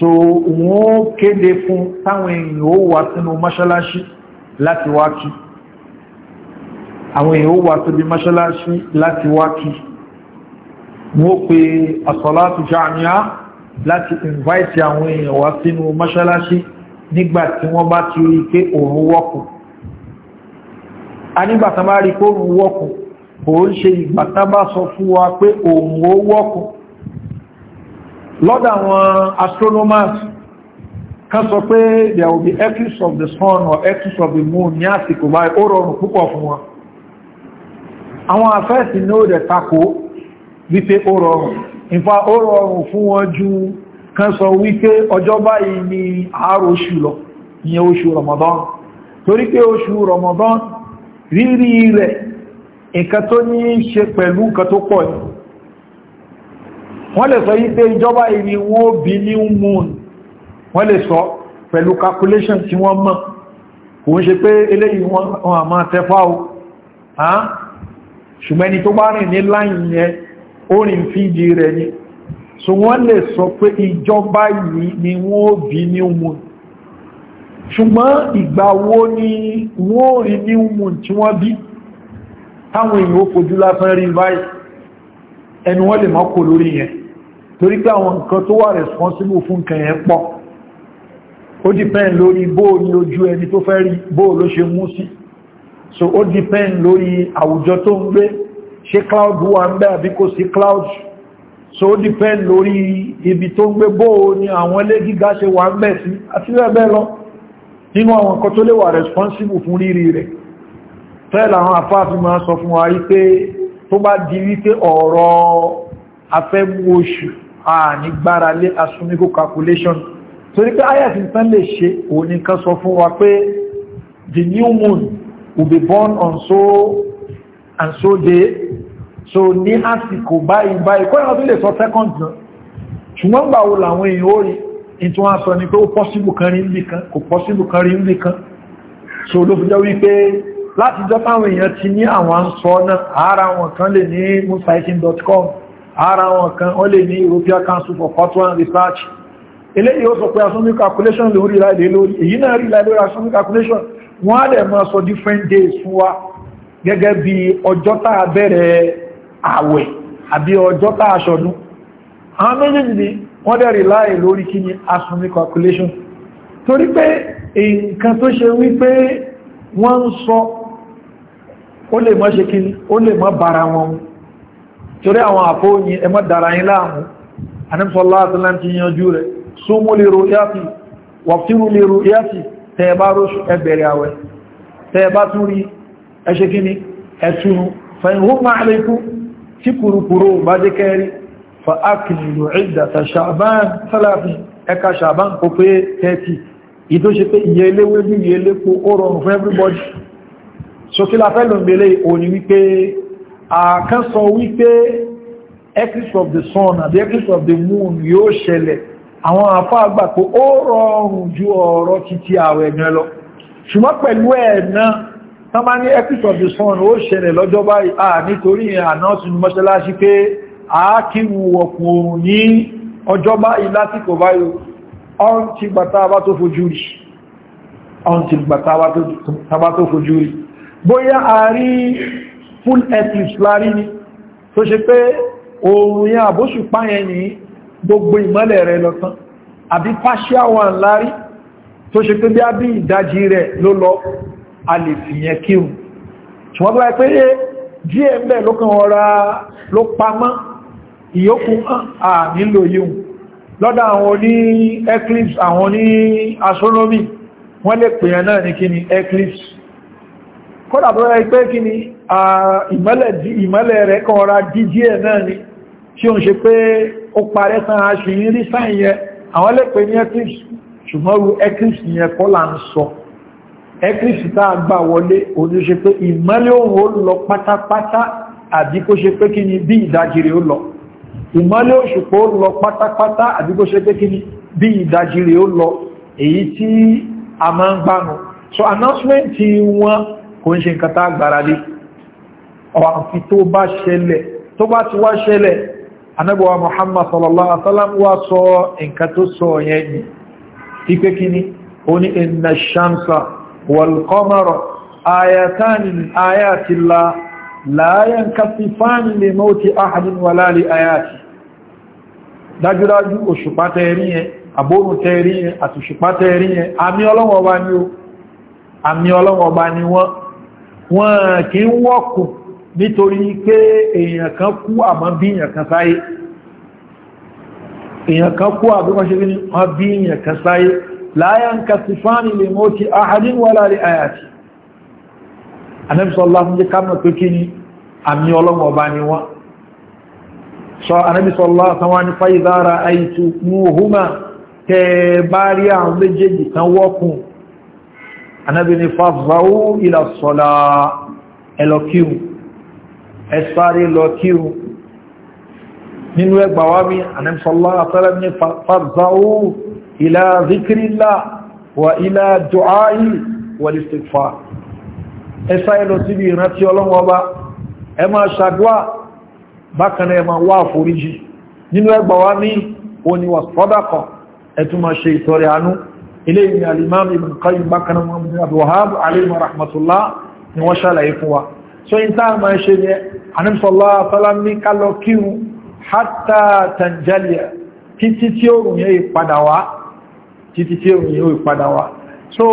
A: so wọ́n kéde fún táwọn èèyàn ó wà sínú mọ́ṣálásí láti wá kí àwọn èèyàn ó wà tóbi mọ́ṣálásí láti wá wọ́n pe àsọ̀látù jàmíà láti invite àwọn èèyàn wá sínú mọ́ṣálásí nígbàtí wọ́n bá ti rí pé òun wọ́kù a nígbàtà bá rí pé òun wọ́kù kò ń ṣe ìgbàtà bá sọ fún wa pé òun ó wọ́kù lọ́dọ̀ àwọn astronomers kan sọ pé there will be eclipse of the sun or eclipse of the moon ní àsìkò báyìí ó rọrùn púpọ̀ fún wọn àwọn afẹ́sì ní ó dẹ̀ takò wípé ó rọrùn ìfà ó rọrùn fún wọn ju kan sọ wípé ọjọ́ báyìí ni àárò oṣù lọ ní oṣù Ramadan torí pé oṣù Ramadan rírí rẹ̀ nǹkan tó ní ṣe pẹ̀lú nǹkan tó pọ̀ yìí wọ́n lè sọ yí pé ìjọba ìní wọ́n bí ní moon wọ́n lè sọ pẹ̀lú calculation tí wọ́n mọ̀ kò ń ṣe pé eléyìí wọn àmà tẹfà o ṣùgbọ́n ẹni tó bá rìn ní láyìn yẹn fíjì rẹ̀ ni so wọ́n lè sọ pé ìjọba yìí ni wọ́n bí ní moon ṣùgbọ́n ìgbà wo ni wọ́n rí ní moon tí wọ́n bí táwọn èèyàn ó fojú lásán rí báyìí ẹnu wọ́n lè mọ́kò lórí yẹn torí pé àwọn nǹkan tó wà responsible fún nǹkan yẹn pọ̀ ó dìpẹ́n lórí bó ní ojú ẹni tó fẹ́ rí bó ló ṣe mú sí so ó dìpẹ́n lórí àwùjọ tó ń gbé ṣe cloud wà ń bẹ́ àbí kò sí cloud so ó dìpẹ́n lórí ibi tó ń gbé bó ní àwọn ilé gíga ṣe wà ń bẹ́ sí àti bẹ́ẹ̀ lọ nínú àwọn nǹkan tó lè wà responsible fún rírí rẹ̀ fẹ́ẹ̀lá àwọn afáàfin máa sọ fún wa wípé tó bá di wípé ọ̀rọ̀ afẹ́mú oṣù a ní gbára lé asumiko calculation torí pé ayat nǹkan lè ṣe òun ní kan sọ fún wa pé the new moon will be born on so and so day so ní àsìkò báyìí báyìí kọ́ ìrántí lè sọ second náà ṣùgbọ́n gbà wo làwọn èèyàn ó rí in tí wọ́n sọ ní pé ó possible kan rí ń kan kò possible kan rí ń kan so ló fi jẹ́ wípé láti jọ táwọn èèyàn ti ní àwọn sọ náà ara wọn kan lè ní moonsighting.com ara wọn kan wọ́n lè ní european council for fatwa research ilé yóò sọ pé astronomic calculation ló rí láìlé lórí èyí náà rí láìlé astronomic calculation wọ́n á dẹ̀ máa sọ different days fún wa gẹ́gẹ́ bí ọjọ́ tá a bẹ̀rẹ̀ àwẹ̀ àbí ọjọ́ tá a ṣọdún àwọn méjèèjì ni wọ́n dẹ̀ rí láì lórí kí ni astronomic calculation torí pé nǹkan tó ṣe wípé wọ́n ń sọ ó lè má ṣe kí ó lè má bára wọn mu torí àwọn àfóyìn ẹmọ́ dára yìí láàmú anẹ́sọ́lá àtìláń ti yanjú rẹ̀ súnmú lè ro yáti wàftíru lè ro yáti tẹ́ẹ̀bá róṣù ẹgbẹ̀rẹ̀ àwẹ̀ tẹ́ẹ̀bá tún rí ẹṣẹ́ kíní ẹ̀túnu fẹ̀yìnhúnmá àlékún tí kùrùkùrù bá jẹ́ kẹ́rí fa ákìlù ìdàtà ṣe pé ìyẹ eléwé ní ìyẹ elépo ó rọrùn fún everybody so kí la fẹ́ lòmìnirẹ́ òní wípé àkán sọ wípé eclipse of the sun àbí eclipse of the moon yóò ṣẹlẹ̀ àwọn àfá àgbà pé ó rọrùn ju ọ̀rọ̀ títí àwẹ̀ gan lọ ṣùgbọ́n pẹ̀lú ẹ̀ náà tán bá ní eclipse of the sun ó ṣẹlẹ̀ lọ́jọ́ báyìí à nítorí àná sínú mọ́ṣáláṣí pé àákírù wọ̀kùn òun ní ọjọ́ báyìí lásìkò báyìí ọ̀n ti gbàtàbá tó fojú rí full eclipse lárí ní tó ṣe pé oòrùn yẹn àbóṣùpá yẹn ní gbogbo ìmọ́lẹ̀ rẹ̀ lọ́tán àbí partial one lárí tó ṣe pé bí a bí ìdajì rẹ̀ ló lọ a lè fi yẹn kírun ṣùgbọ́n pé díẹ̀ ń lókàn ọ̀rá ló pamọ́ ìyókùn eclipse àwọn oní astronomy wọ́n lè ni eclipse kọ́dà tó rẹ̀ pé kí ni ìmọ́lẹ̀ rẹ̀ kan ra díjí ẹ̀ náà ni tí ó ń ṣe pé ó parẹ́ tán aṣù yìí rí sáyìn yẹ àwọn lẹ́pẹ̀ ní eclipse ṣùgbọ́n ru eclipse yẹn kọ́ là ń sọ eclipse tá a gbà wọlé ó ní ṣe pé ìmọ́lẹ̀ ni bí ìdajìrì so announcement wọn kò ń ṣe nǹkan tá gbára lé ọ̀fí tó bá ṣẹlẹ̀ tó bá ti wá ṣẹlẹ̀ anábọ̀wà Muhammad sallallahu alaihi wasallam wá sọ nǹkan tó sọ yẹn ni ipé kíní ó ní inna shamsa wal qamara ayatani min ayati llah la yankasifani li mawti dájúdájú òṣùpá tẹ́rí yẹn àbórùn tẹ́rí yẹn àtòṣùpá tẹ́rí yẹn àmì ọlọ́wọ́ bá ní wọ́n wọn kì ń wọ́kù nítorí pé èèyàn kan kú àmọ́ bí èèyàn kan sáyé èèyàn kan kú àbíkọ́ṣe bí bí èèyàn kan sáyé láyán kàtífáàni lè mọ́ ti ahadin wà láàrin àyàtì anẹ́bìsọ́lá fún jẹ́ kámọ̀ pé kí ni àmì ọlọ́wọ̀ anábi ni fàfàú ilà sọ́lá ẹlọ́kíhù ẹsàrí lọ́kíhù nínú ẹgbàwá mi anẹ́sọ́lá àtàrà ní fàfàú ilà zikirila wà ilà du'ayi wàlìsìfà ẹsàrí lọ síbi ìrántí ọlọ́wọ́ba ẹ máa ṣàdúwà bákanáà ẹ máa wá àforíjì nínú ẹgbàwá mi òní wà sọ́dàkọ̀ ẹ tún máa ṣe ìtọrẹ àánú eléyìí ni alimami ibn qayyim bákan náà muhammadu abu wahab alayhi wa rahmatullah ni wọ́n ṣàlàyé fún wa so in ta ma ṣe ni anamsọ́lá salami kálọ kírun hátà tanjaliya títí tí ó rùn yẹ́ ìpadà wá títí tí ó rùn yẹ́ ìpadà wá so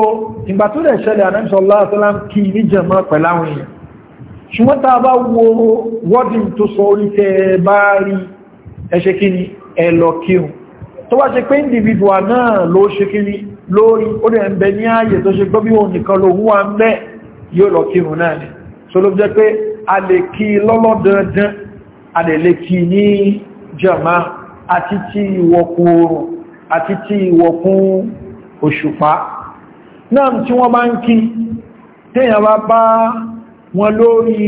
A: ìgbà tó lè ṣẹlẹ̀ anamsọ́lá salami kí ní jẹ̀mọ́ pẹ̀láwọn èèyàn ṣùgbọ́n ta bá wo wọ́dìn tó sọ orí tẹ bá rí ẹṣẹ́ kí ni ẹlọ kírun tó bá ṣe pé individual náà ló ṣe kí ni lórí ó dẹ̀ ń bẹ ní ààyè tó ṣe gbọ́bí wọn nìkan ló wúwa ń bẹ́ yóò lọ kírun náà ni so ló jẹ́ pé a lè kí lọ́lọ́dandan a lè lè kí ní jama àti ti ìwọ̀kun oòrùn àti ti ìwọ̀kun òṣùpá náà tí wọ́n bá ń kí téèyàn bá bá wọn lórí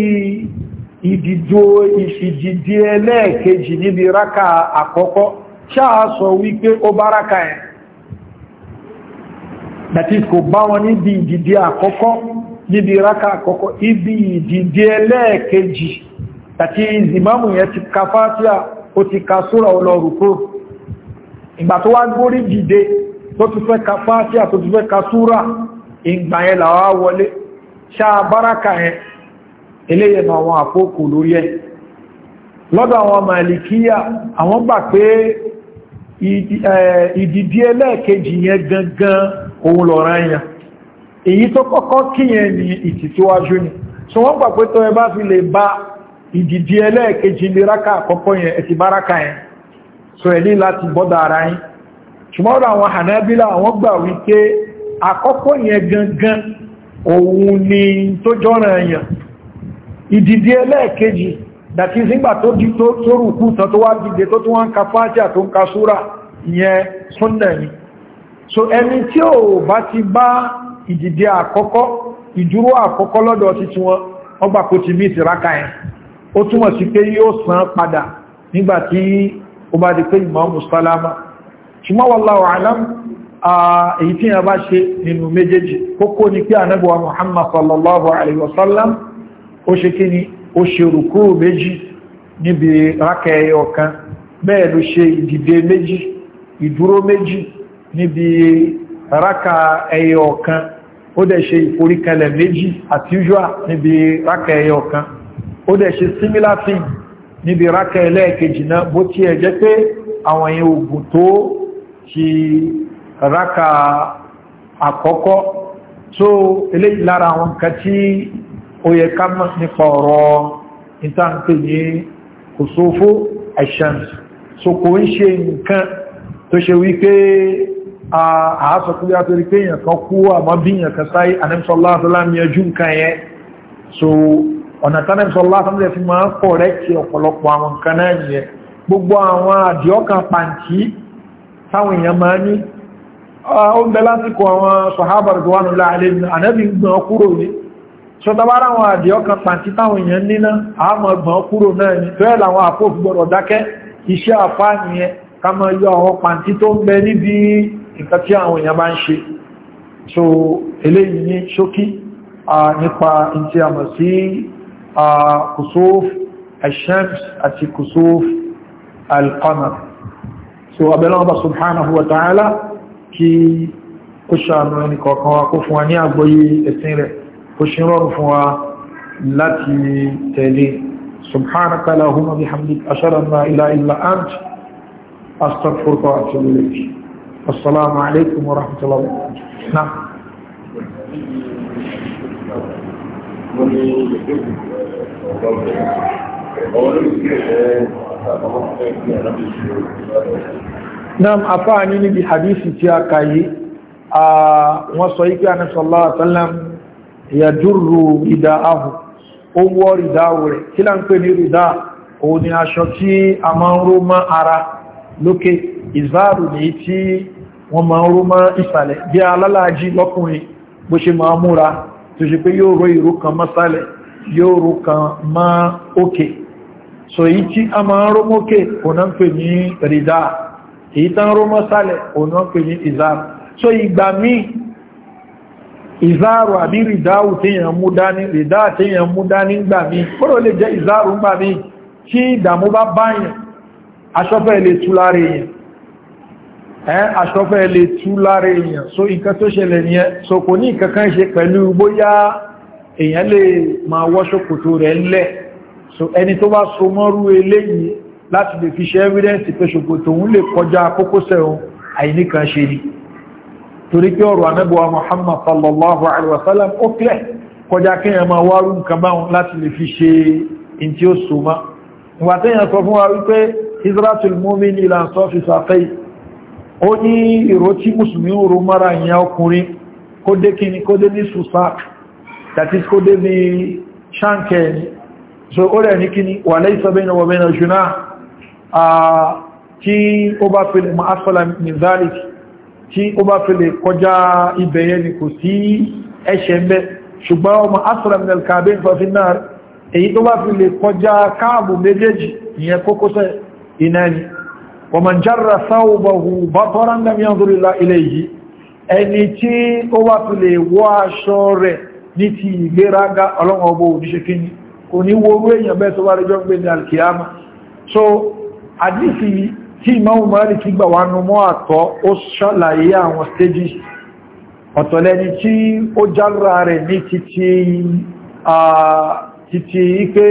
A: bá that is kò bá wọn níbi ìdìde àkọ́kọ́ níbi raka àkọ́kọ́ ibi ìdìde ẹlẹ́ẹ̀kejì that is ìmáàmù yẹn ti ka fátíà ó ti ka súra ọlọ́rùkú ìgbà tó wá gbórí dìde tó ti fẹ́ ka fátíà tó ti fẹ́ ka súra ìgbà yẹn làwá wọlé ṣáà báraka yẹn eléyẹn àwọn àpókò lórí ẹ lọ́dọ̀ àwọn màlìkíyà àwọn gbà pé Eh, ìdìdí ẹlẹ́ẹ̀kejì yẹn gangan òun lọ̀rọ̀ yẹn èyí tó kọ́kọ́ kí yẹn ni ìtìsíwájú ni so wọ́n gbà pé tó ẹ bá fi lè bá ìdìdí ẹlẹ́ẹ̀kejì lè rákà àkọ́kọ́ yẹn ẹ̀tì bá rákà yẹn so ẹ̀lí láti bọ́dà ara yín ṣùgbọ́n àwọn Hanabila àwọn gbà wípé àkọ́kọ́ yẹn gangan òun ni tó jọ́ràn yẹn ìdìdí ẹlẹ́ẹ̀kejì dàtí sígbà tó di tó rùkú tán tó wá dìde tó tún wá ń ka fájá tó ń ka súra ìyẹn súnnà ni so ẹni tí ò bá ti bá ìdìde àkọ́kọ́ ìdúró àkọ́kọ́ lọ́dọ̀ títí wọn ọgbà kò ti mí ìsìráka ẹ̀ ó túnmọ̀ sí pé yóò san padà nígbàtí ó bá di pé ìmọ̀ọ́mù ni pé anábíwa muhammad sallallahu alaihi wasallam ó ṣe kí ni ó ṣe rùkú méjì níbi rákẹ̀ ọ̀kan bẹ́ẹ̀ ló ṣe ìdìde méjì ìdúró méjì níbi rákà ẹyọ ọ̀kan ó dẹ̀ ṣe ìforíkẹlẹ̀ méjì àti usual níbi rákà ẹyọ ọ̀kan ó dẹ̀ ṣe similar thing níbi rákà ẹlẹ́ẹ̀kejì náà bó ti ẹ̀ jẹ́ pé ti so eléyìí lára ó yẹ ká mọ̀ nípa ọ̀rọ̀ ìtàǹpé ní kòsófó àṣàn so kò ń ṣe nǹkan tó ṣe wípé àásọ tó bí èèyàn kan kú àmọ́ bí èèyàn kan sáyé anẹ́mísọ́lá àtọ́lá nǹkan yẹn so ọ̀nà tánẹ́mísọ́lá àtọ́lá fi máa ń pọ̀ rẹ̀ kí ọ̀pọ̀lọpọ̀ àwọn nǹkan náà nìyẹn gbogbo àwọn àdíọ́kan pàǹtí táwọn èèyàn máa ní ó ń lásìkò àwọn sọ̀hábàrùdùwánulá àlẹ́ ànẹ́bí gbọ́n kúrò ní sọtabára àwọn àdì ọkàn pàntí táwọn èèyàn níná àmọ́ gbọ́n kúrò náà ni tó ẹ̀lá àwọn àpò gbọ́rọ̀ dákẹ́ iṣẹ́ àpá nìyẹn ká mọ́ yọ àwọn pàntí tó ń bẹ níbi nǹkan tí àwọn èèyàn bá ń ṣe so eléyìí ní ṣókí nípa ìtí àmọ̀ sí kùsóf al kó ṣe rọrùn fún wa láti tẹ̀lé subhanaka lahumma bihamdika ashhadu an la ilaha illa anta astaghfiruka wa atubu ilayk assalamu alaikum wa rahmatullahi wa barakatuh na'am Nam afáà ní níbi hadisi tí a kàyí, wọ́n sọ ikú àníṣọ́lá àtàlẹ́mù yàdúrù ìdá ahù ó wọ́ ìdáwò rẹ̀ kí lá ń pè ní ìdá òun ni aṣọ tí a máa ń ró mọ́ ara lókè ìzáàrù ní tí wọ́n máa ń ró mọ́ ìsàlẹ̀ bí alálàájí lọ́kùnrin bó ṣe ma múra tó ṣe pé yóò ró ìró kan mọ́ so èyí tí a máa ń ró mọ́kè òun náà so ìgbà ìzáàrù àbí rìdáwù tíyàn mú dání rìdá tíyàn mú dání gbà mí kóró lè jẹ́ ìzáàrù gbà mí tí ìdàmú bá báyàn aṣọ́fẹ́ lè tú lára èèyàn aṣọ́fẹ́ lè tú lára èèyàn so nǹkan tó ṣẹlẹ̀ nìyẹn so kò ní kankan ṣe pẹ̀lú bóyá èèyàn lè máa wọ́ rẹ̀ ńlẹ̀ so ẹni tó bá so mọ́rú eléyìí láti lè fi ṣe evidence pé ṣòkòtò òun lè kọjá kókósẹ̀ òun àìníkan ṣe ni torí pé ọ̀rọ̀ anábọ̀wà Muhammad sallallahu alaihi wasallam ó kílẹ̀ kọjá kíyàn máa wárú nǹkan báhùn láti lè fi ṣe in tí ó so má ìwà tẹ́yàn sọ fún wa wípé israel mumin ilan sọ́fì sàfẹ́ ó ní ìró tí musulmi ń ro mara ìyàn ọkùnrin kó dé kíni kó dé ní susak that is kó dé ní ṣáǹkẹ́ ni so ó rẹ̀ ní kíni wà lẹ́yìn sọ́bẹ̀ ìnáwó bẹ́ẹ̀ náà tí ó bá fi lè máa asfala min tí ó bá fi lè kọjá ibẹ̀ yẹn ni kò sí ẹ̀ṣẹ̀ mẹ́ ṣùgbọ́n ọmọ asìrànlẹ̀ kàbí ìfàfin náà èyí tó bá fi lè kọjá káàbù méjèèjì ìyẹn kókósẹ̀ iná ni wọ́n man jarra sáwọ́bọ̀hù bá tọ́rọ ńlá mi ọdún ilá ilé yìí ẹni tí ó bá fi lè wọ́ aṣọ rẹ̀ ní ti ìgbéraga ọlọ́wọ́ ọgbọ̀ òdíṣẹ́ kíni kò so àdífì tí ìmáwò Málíkì gbà wà nù mọ́ àtọ́ ó ṣàlàyé àwọn stages ọ̀tọ̀lẹ́ni tí ó jára rẹ̀ ní títí ipé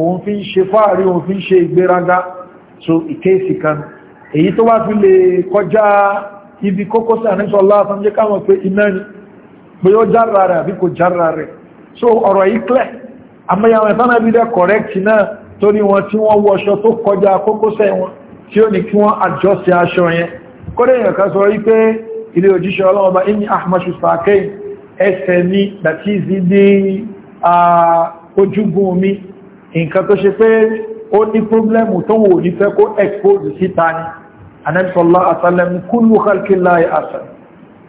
A: òun fi ń ṣe fáàrí òun fi ń ṣe ìgbéraga so ìkéèsì kan èyí tó wá fi lè kọjá ibi kókó sàníṣọ́ láàfán jẹ́ káwọn pé iná ni pé so ọ̀rọ̀ yìí clear àmọ́ ìyàwó ẹ̀sánà bí dẹ́ correct náà torí wọn tí wọ́n wọṣọ tó kọjá kókósẹ̀ wọn tí ó ní kí wọ́n àjọ́sí aṣọ yẹn kódé èyàn kan sọ wípé ilé òjíṣẹ́ ọlọ́wọ́ bá inú ahmashu sàkẹ́yìn ẹsẹ̀ ní dàtí ìzídé ojúgun mi nǹkan tó ṣe pé ó ní pọ́blẹ́mù tó wò ní fẹ́ kó expose síta ni anẹ́sọ́lá àtàlẹ́m kúlù kálkílá àṣà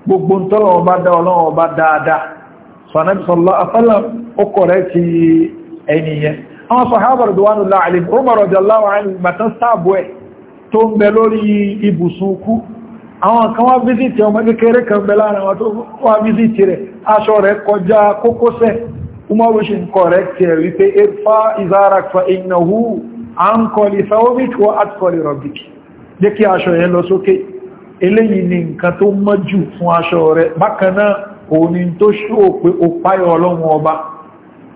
A: gbogbo tọ́lọ́wọ́ bá dá ọlọ́wọ́ bá dáadáa sọ anẹ́sọ́lá àtàlẹ́m ó kọ̀rẹ́ ti ẹniyẹn àwọn sọ̀hábàrùdùwánù láàrin ó mọ̀rọ̀ jẹ́ láwọn àìyàn mẹ́tán tó ń bẹ lórí ibùsùn kú àwọn kan wá fíṣìtì ọmọ kékeré kan bẹ láàrin àwọn tó wá fíṣìtì rẹ̀ aṣọ rẹ̀ kọjá kókósẹ̀ umaru ṣe ń kọ̀rẹ́kì ẹ̀ wípé efa izarak fa innahu ankọli saobik wa atkọli rọ̀bik jẹ́ kí aṣọ yẹn lọ sókè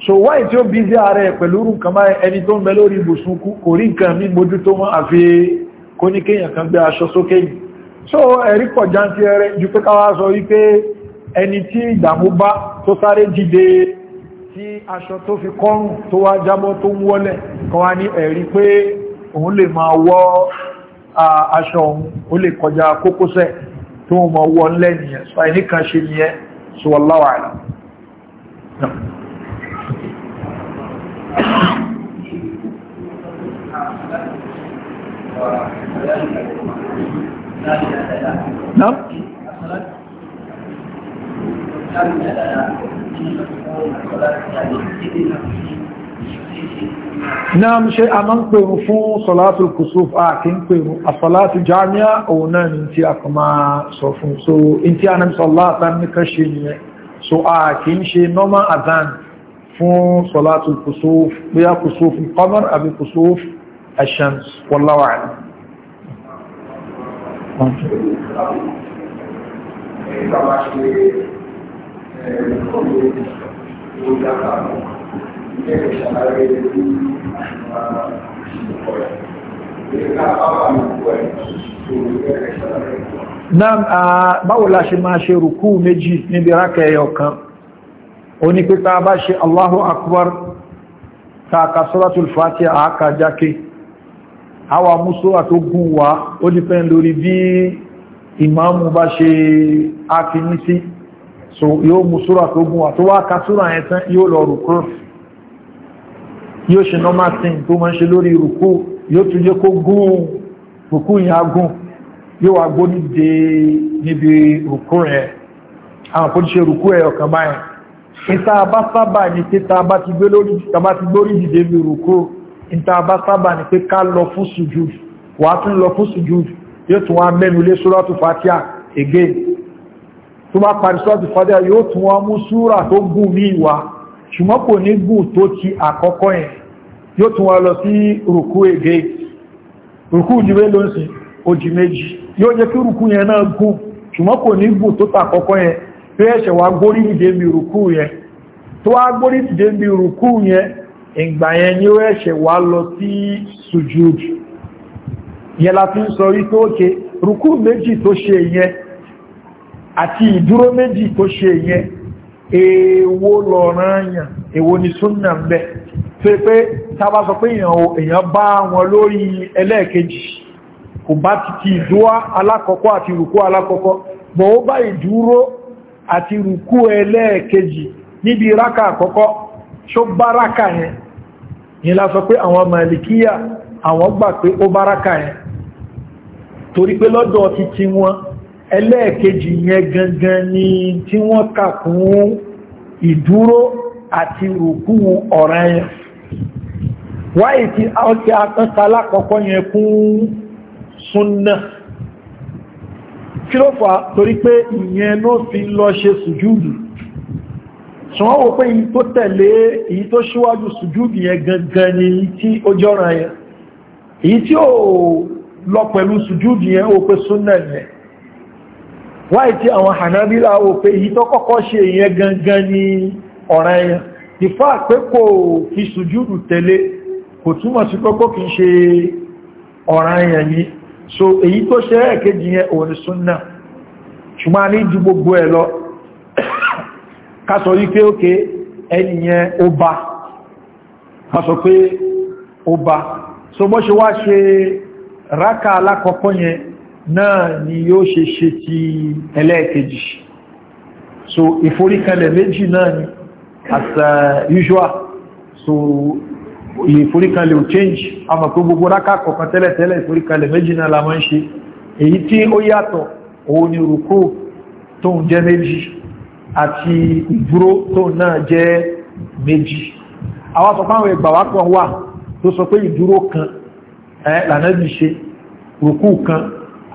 A: so wáyé tí ó bí sí ààrẹ pẹ̀lú rùn kàmáyẹ ẹni tó ń bẹ lórí ibùsùn kú kò rí nǹkan mí mójútó mọ́ àfi kó ní kéèyàn kan gbé aṣọ sókè yìí so ẹ̀rí pọ̀ jántí ẹrẹ ju pé káwá sọ wípé ẹni tí ìdàmú bá tó sáré jíde tí aṣọ tó fi kọ́rùn tó wá jábọ́ tó ń wọ́lẹ̀ kan wá ní ẹ̀rí pé òun lè máa wọ́ aṣọ òun ó lè kọjá kókósẹ̀ tó mọ̀ wọ́n lẹ́nìyàn so نعم نعم شيء أمان فيه صلاة الكسوف آكين آه، فيه الصلاة الجامعة أو نعم انتي أكما صوفون سو انتي أنا مصلاة صلاة تنكشيني سو آكين شيء نوما أذان فو صلاة الكسوف بيا كسوف القمر أبي كسوف الشمس والله أعلم Nam báwo la ṣe máa ṣe rùkú méjì níbi rákẹ̀ ẹyọ kan, ó ní pípa bá ṣe Allahu Akbar ta ka Suratul Fatiha àákà jákè. àwa músúra tó gùn wá ó dípẹ́ lórí bí ìmáàmù bá ṣe ákìní sí so yóò músúra tó gùn wá tó wá kásúra ẹ̀ tán yóò lọ rùkú yóò ṣe normal thing tó máa ń ṣe lórí rùkú yóò tún yẹ kó gùn rùkú yẹn agùn yóò wá gbóní dé níbi rùkú rẹ̀ àwọn kò ṣe rùkú ẹ̀ ọ̀kan báyìí ìta bá sábà ní títa bá ti gbórí dìde bí rùkú ìta bá sábà ní pé ká lọ fún sùjúd wà tún lọ fún sùjúd yóò tún wá mẹ́nu lé súrọ́tù fatia again tó bá parí súrọ́tù fatia yóò tún wá mú súrà tó gùn ní ìwà ṣùgbọ́n kò ní gùn tó ti àkọ́kọ́ yẹn yóò tún wá lọ sí rùkú again rùkú ìdíwé ló ń ojì méjì yóò jẹ́ kí rùkú yẹn náà gùn ṣùgbọ́n kò ní gùn tó tàkọ́kọ́ yẹn pé ẹ̀ṣẹ̀ wá gbórí ìdè mi rùkú yẹn tó wá gbórí ìdè mi rùkú yẹn ìgbà yẹn ni ó ẹ̀ṣẹ̀ wà lọ sí sujud yẹn la fi ń sọ wípé ókè rukú méjì tó ṣe yẹn àti ìdúró méjì tó ṣe yẹn èèwo ni súnnà ń tó pé sọ pé èèyàn bá wọn lórí ẹlẹ́ẹ̀kejì kò bá ti ti ìdúró alákọ̀ọ́kọ́ àti rukú alákọ̀ọ́kọ́ bọ̀ ó bá ìdúró àti rukú ẹlẹ́ẹ̀kejì níbi yìí la sọ pé àwọn malikiya àwọn gbà pé ó báraka yẹn torí pé lọ́dọ̀ ti ti wọn ẹlẹ́ẹ̀kejì yẹn gangan ni tí wọ́n kà kún ìdúró àti rùkú ọ̀ràn yẹn wáyé tí ọkẹ́ akọ́kọ́lá kọ́kọ́ yẹn kún súnnà kí ló fà torí pé ìyẹn ló fi lọ ṣe sùjúdù ṣùgbọ́n wò pé èyí tó tẹ̀lé èyí tó ṣíwájú yẹn gangan ni èyí tí ó jọ́ra yẹn èyí tí ó lọ pẹ̀lú sùjúdù yẹn ó pé súnnà yẹn wáyé tí àwọn Hanabila ó pé èyí tó kọ́kọ́ ṣe yẹn gangan ni ọ̀ràn yẹn pé kò fi tẹ̀lé kò sí kọ́kọ́ kì so èyí tó ṣe ẹ̀ kásọ wípé ókè ẹniyàn ó bá a sọ pé ó bá so bọ́ ṣe wá ṣe rákà alákọ̀ọ́kọ́ yẹn náà ni yóò ṣe ṣe ti ẹlẹ́ẹ̀kejì so ìforíkanlẹ̀ méjì náà ni as uh, usual so ìforíkanlẹ̀ ò change a mọ̀ pé gbogbo rákà kọ̀kan tẹ́lẹ̀tẹ́lẹ̀ ìforíkanlẹ̀ méjì náà la máa ń ṣe èyí tí ó yàtọ̀ òun ni rùkú tó jẹ́ méjì àti ìdúró tó náà jẹ́ méjì àwọn sọpá àwọn ìgbà wápọ̀ wà tó sọ pé ìdúró kan lànàbì ṣe rùkú kan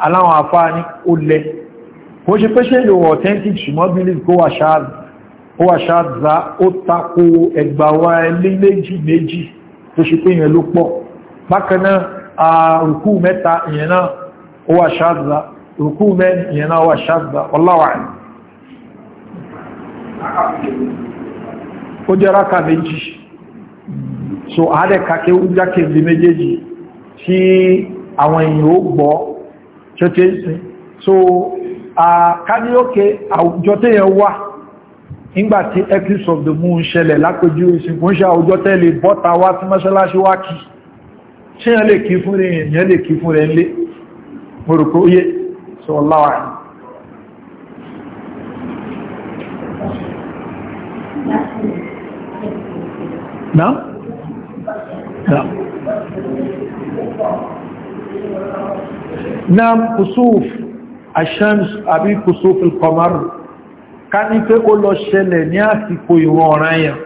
A: aláwọn afá ní ó kò ṣe pé ṣe lò authentic ṣùgbọ́n believe kó wà ṣáàzá ó tako ẹgbàwà ilé méjì méjì tó ṣe pé ìyẹn ló pọ̀ bákanáà àrùkú mẹ́ta ìyẹn náà ó wà ṣáàzá rùkú mẹ́rin ìyẹn náà ó wà ṣáàzá wallahu a'lam ó jẹ́ ráka méjì so àádẹ́ka kí ó jákè lè méjèèjì tí àwọn èèyàn ó gbọ́ tí ìsìn so àkáníókè àwùjọ tẹ́yàn wà nígbàtí eclipse of the moon ṣẹlẹ̀ lápẹjú ìsìnkú ń ṣe àwùjọ tẹ́lẹ̀ bọ́ta wá tí mọ́ṣálásí wá kìí ṣe yàn lè kí fún rẹ̀ نعم نعم نعم كسوف الشمس àbí كسوف القمر ká ní pé ó lọ ṣẹlẹ̀ ní àsìkò ìwọ̀n ọ̀ràn yẹn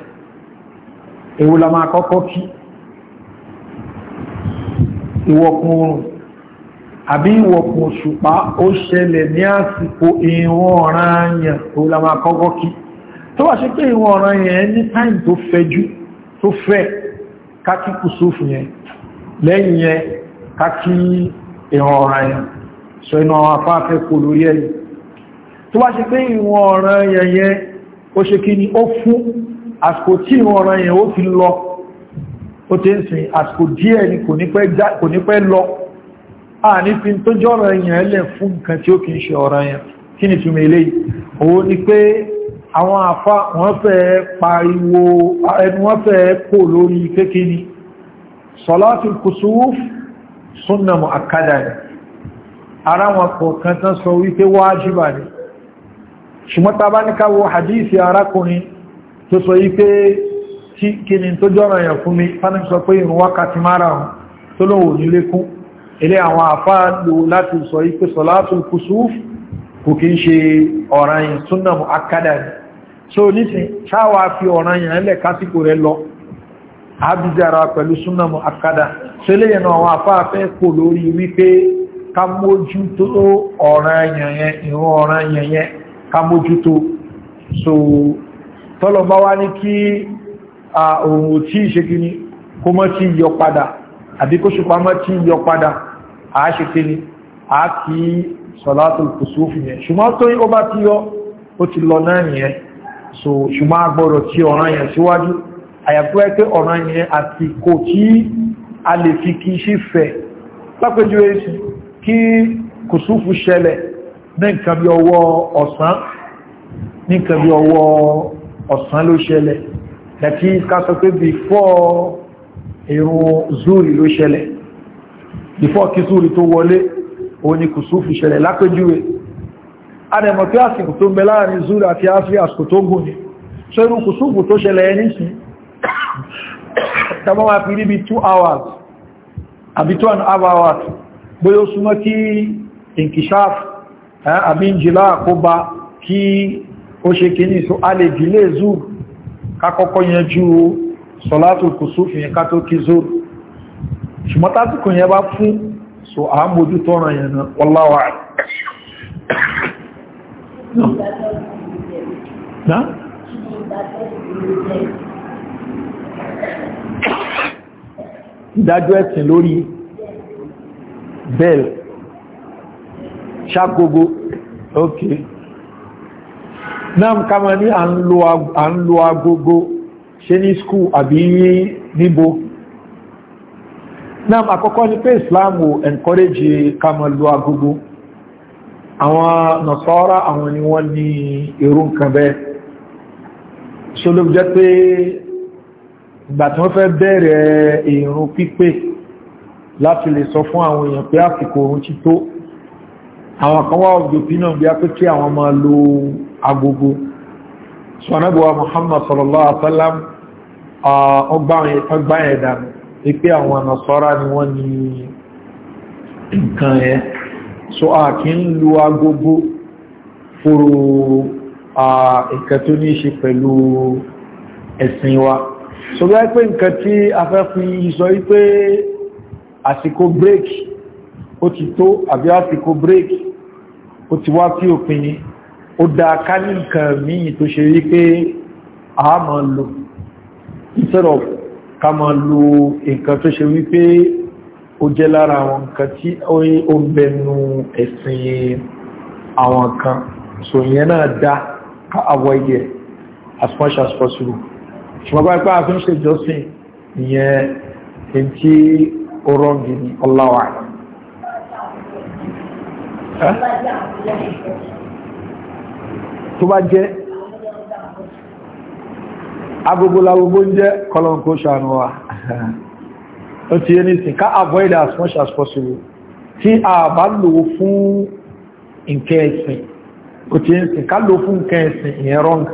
A: èwo la máa kọ́kọ́ kí ìwọ̀kùn oòrùn àbí ìwọ̀kùn òṣùpá ó ṣẹlẹ̀ ní àsìkò ìwọ̀n ọ̀ràn yẹn èwo la kọ́kọ́ kí tó wà ṣe pé ìwọ̀n ọ̀ràn yẹn ní time tó fẹ́jú tó fẹ́ kákí kùsùfù yẹn lẹ́yìn yẹn kákí ìwọ̀n ọ̀ràn yẹn sọ iná afáfẹ́ kò lórí ẹ̀yìn tó wà ṣe pé ìwọ̀n ọ̀ràn yẹn yẹn ó ṣe kí ni ó fún àsìkò tí ìwọ̀n ọ̀ràn yẹn ó fi lọ ó ti ń sìn àsìkò díẹ̀ ni kò ní pẹ́ lọ ànífin tó jọ́ ọ̀ràn yẹn lẹ̀ fún nǹkan tí ó kì í ṣe ọ̀ràn yẹn kí ni túnmọ̀ eléyìí òun ni pé àwọn àfá wọ́n fẹ́ pariwo ẹni wọ́n fẹ́ kò lórí kékeré sọ́látù kùsùf súnnà mọ̀ àkádà ni ara wọn kọ̀ọ̀kan tán sọ wípé wájìbà ni ṣùgbọ́n tá bá ní ká wo hadisi arákùnrin tó sọ wípé tí kíni tó jọ́rọ̀ yàn fún mi fánàkì sọ pé ìrùn wákàtí márùn-ún tó lòwò nílékún ilé àwọn àfá lò láti sọ wípé sọ́látù kùsùf kò kí ń ṣe ọ̀ranyàn súnnà àkádà ni so nísìn ṣáwà fi ọ̀ràn yàn lẹ̀ kásìkò rẹ̀ lọ àbíjára pẹ̀lú súnmọ̀ àkádà so lè yẹn àwọn afáfẹ́ kò lórí wípé ká mójútó ọ̀ràn yàn yẹn ọ̀ràn yàn ká mójútó so tọ́lọ̀bá wá ní kí ohun tí ìṣekíní kó mọ́ tí yọ padà àbí kó ṣùpá mọ́ tí yọ padà àáṣekíní àá kí sọ̀látò kùsùfù yẹn ṣùgbọ́n tó ó bá ti yọ ó ti lọ náà nìyẹn so ṣùgbọ́n agbọ́rọ̀ tí ọ̀ràn yẹn síwájú àyàfẹ́ pé ọ̀ràn yẹn àti kò tí a lè fi kí sí fẹ̀ lápẹjú èsì kí kùsùfù ṣẹlẹ̀ ní nǹkan bí ọwọ́ ọ̀sán ní nǹkan bí ọwọ́ ọ̀sán ló ṣẹlẹ̀ lẹ́tí kásọ pé before ìrun zuri ló before kí zuri tó wọlé òun ni kùsùfù adẹ̀mọ̀ pé àsìkò tó ń bẹ láàrin zúrù àti áfírí àsìkò tó gùn ní ṣẹ́rù kùsùgbù tó ṣẹlẹ̀ ẹni sí tàbí wà fi níbi 2 hours àbí 2 and a half hours bóyá ó súnmọ́ kí inkishaf àbí ìjìlá àkóbá kí ó ṣe kìíní so a lè dìlé zúrù kakọ́kọ́ yẹn ju sọ̀látù kùsùfù yẹn ká tó kí zúrù ṣùgbọ́n tásìkò so à ń mójú tọ́ràn yẹn náà ìdájọ́ ẹ̀sìn lórí bẹ́ẹ̀lì ṣàkógó ok náà kama ní à ń lo agogo ṣe ní skúù àbí níbo náà àkọ́kọ́ ní pé Islam encourage kama lo agogo àwọn nasara àwọn ni wọ́n ní irú nǹkan bẹ́ẹ̀ ṣolóbi jẹ́ pé ìgbà tí wọ́n fẹ́ bẹ̀rẹ̀ ìrun pípé láti lè sọ fún àwọn èèyàn pé àsìkò oorun ti tó àwọn kan wá ọ̀gbẹ̀ òpínà bí a pé kí àwọn máa lo agogo ṣọ̀nàbíwá Muhammad sallallahu nasara ni wọ́n so a kì ń lu agogo fòrò nǹkan tó ní ṣe pẹ̀lú ẹ̀sìn wa so bí i pé nǹkan tí a fẹ́ fi sọ wípé àsìkò break ó ti tó àbí àsìkò break ó ti wá sí òpin ó dá ká ní nǹkan míì tó ṣe wípé a máa lò instead of ká máa lo nǹkan tó ṣe wípé ó jẹ́ lára àwọn nǹkan tí ó ń bẹnu ẹ̀sìn àwọn kan so ìyẹn náà dá ká avoid it as much as possible ṣùgbọ́n bá ipá àfihàn ṣe jọ́sìn ìyẹn èyí tí ó rọ́ǹgì ní ọláwà tó bá jẹ́ agogo lagogo ń jẹ́ kọlọ̀nkó ṣàánú wa ó ti yé nísìn ká avoid as much as possible tí a bá lò fún nǹkan ẹ̀sìn ó anything. yé nísìn ká lò fún nǹkan ẹ̀sìn ìyẹn wrong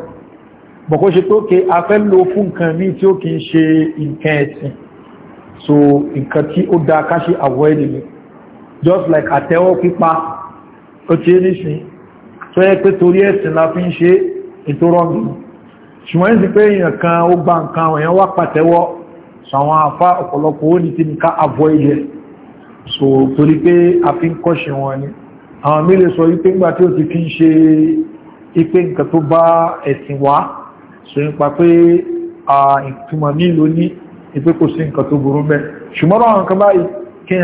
A: bọ̀kó ṣe tó ké a fẹ́ lò fún nǹkan míì tí ó kì í ṣe nǹkan ẹ̀sìn so nǹkan tí ó dáa ká ṣe avoid ni just like àtẹ́wọ́ pípa ó ti yé nísìn tó yẹ pé torí ẹ̀sìn la fi ń ṣe ètò rọ́ngì ṣùgbọ́n sí pé èèyàn kan ó gba nǹkan àwọn èèyàn wá pàtẹ́wọ́ àwọn afá ọ̀pọ̀lọpọ̀ ó ní tí ní ká avoid ẹ̀ so torí pé a fi ń kọ́ṣe wọn ni àwọn mílẹ̀ sọ wípé ńgbà tí ó ti fi ń ṣe ipé nǹkan tó bá ẹ̀sìn wá so nípa pé ìtumọ̀ nílò ní ipé kò sí nǹkan tó burú mẹ́ ṣùgbọ́n àwọn kan báyìí tí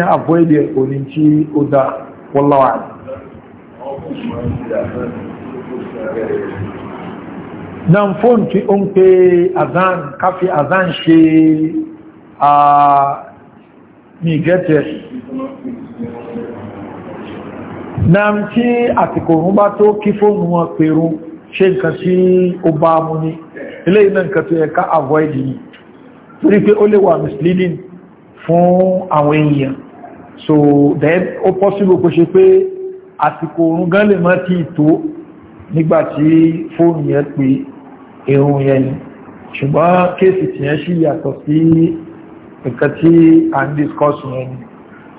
A: ó ń pe azan káfí azan ṣe Ah, mi gẹ́tẹ̀ náà tí àtìkò òun bá tó kí fóònù wọn pèrún ṣe nǹkan tí ó bá mú ní ilé iná nǹkan tó yẹ ká avoid yìí torí pé ó lè wà misleading fún àwọn èèyàn so then ó possible kó ṣe pé àsìkò òun gan lè máa ti tó nígbàtí fóònù yẹn pé èrún yẹn ṣùgbọ́n kéèsì tí yẹn yàtọ̀ sí nǹkan tí a ń discuss wọn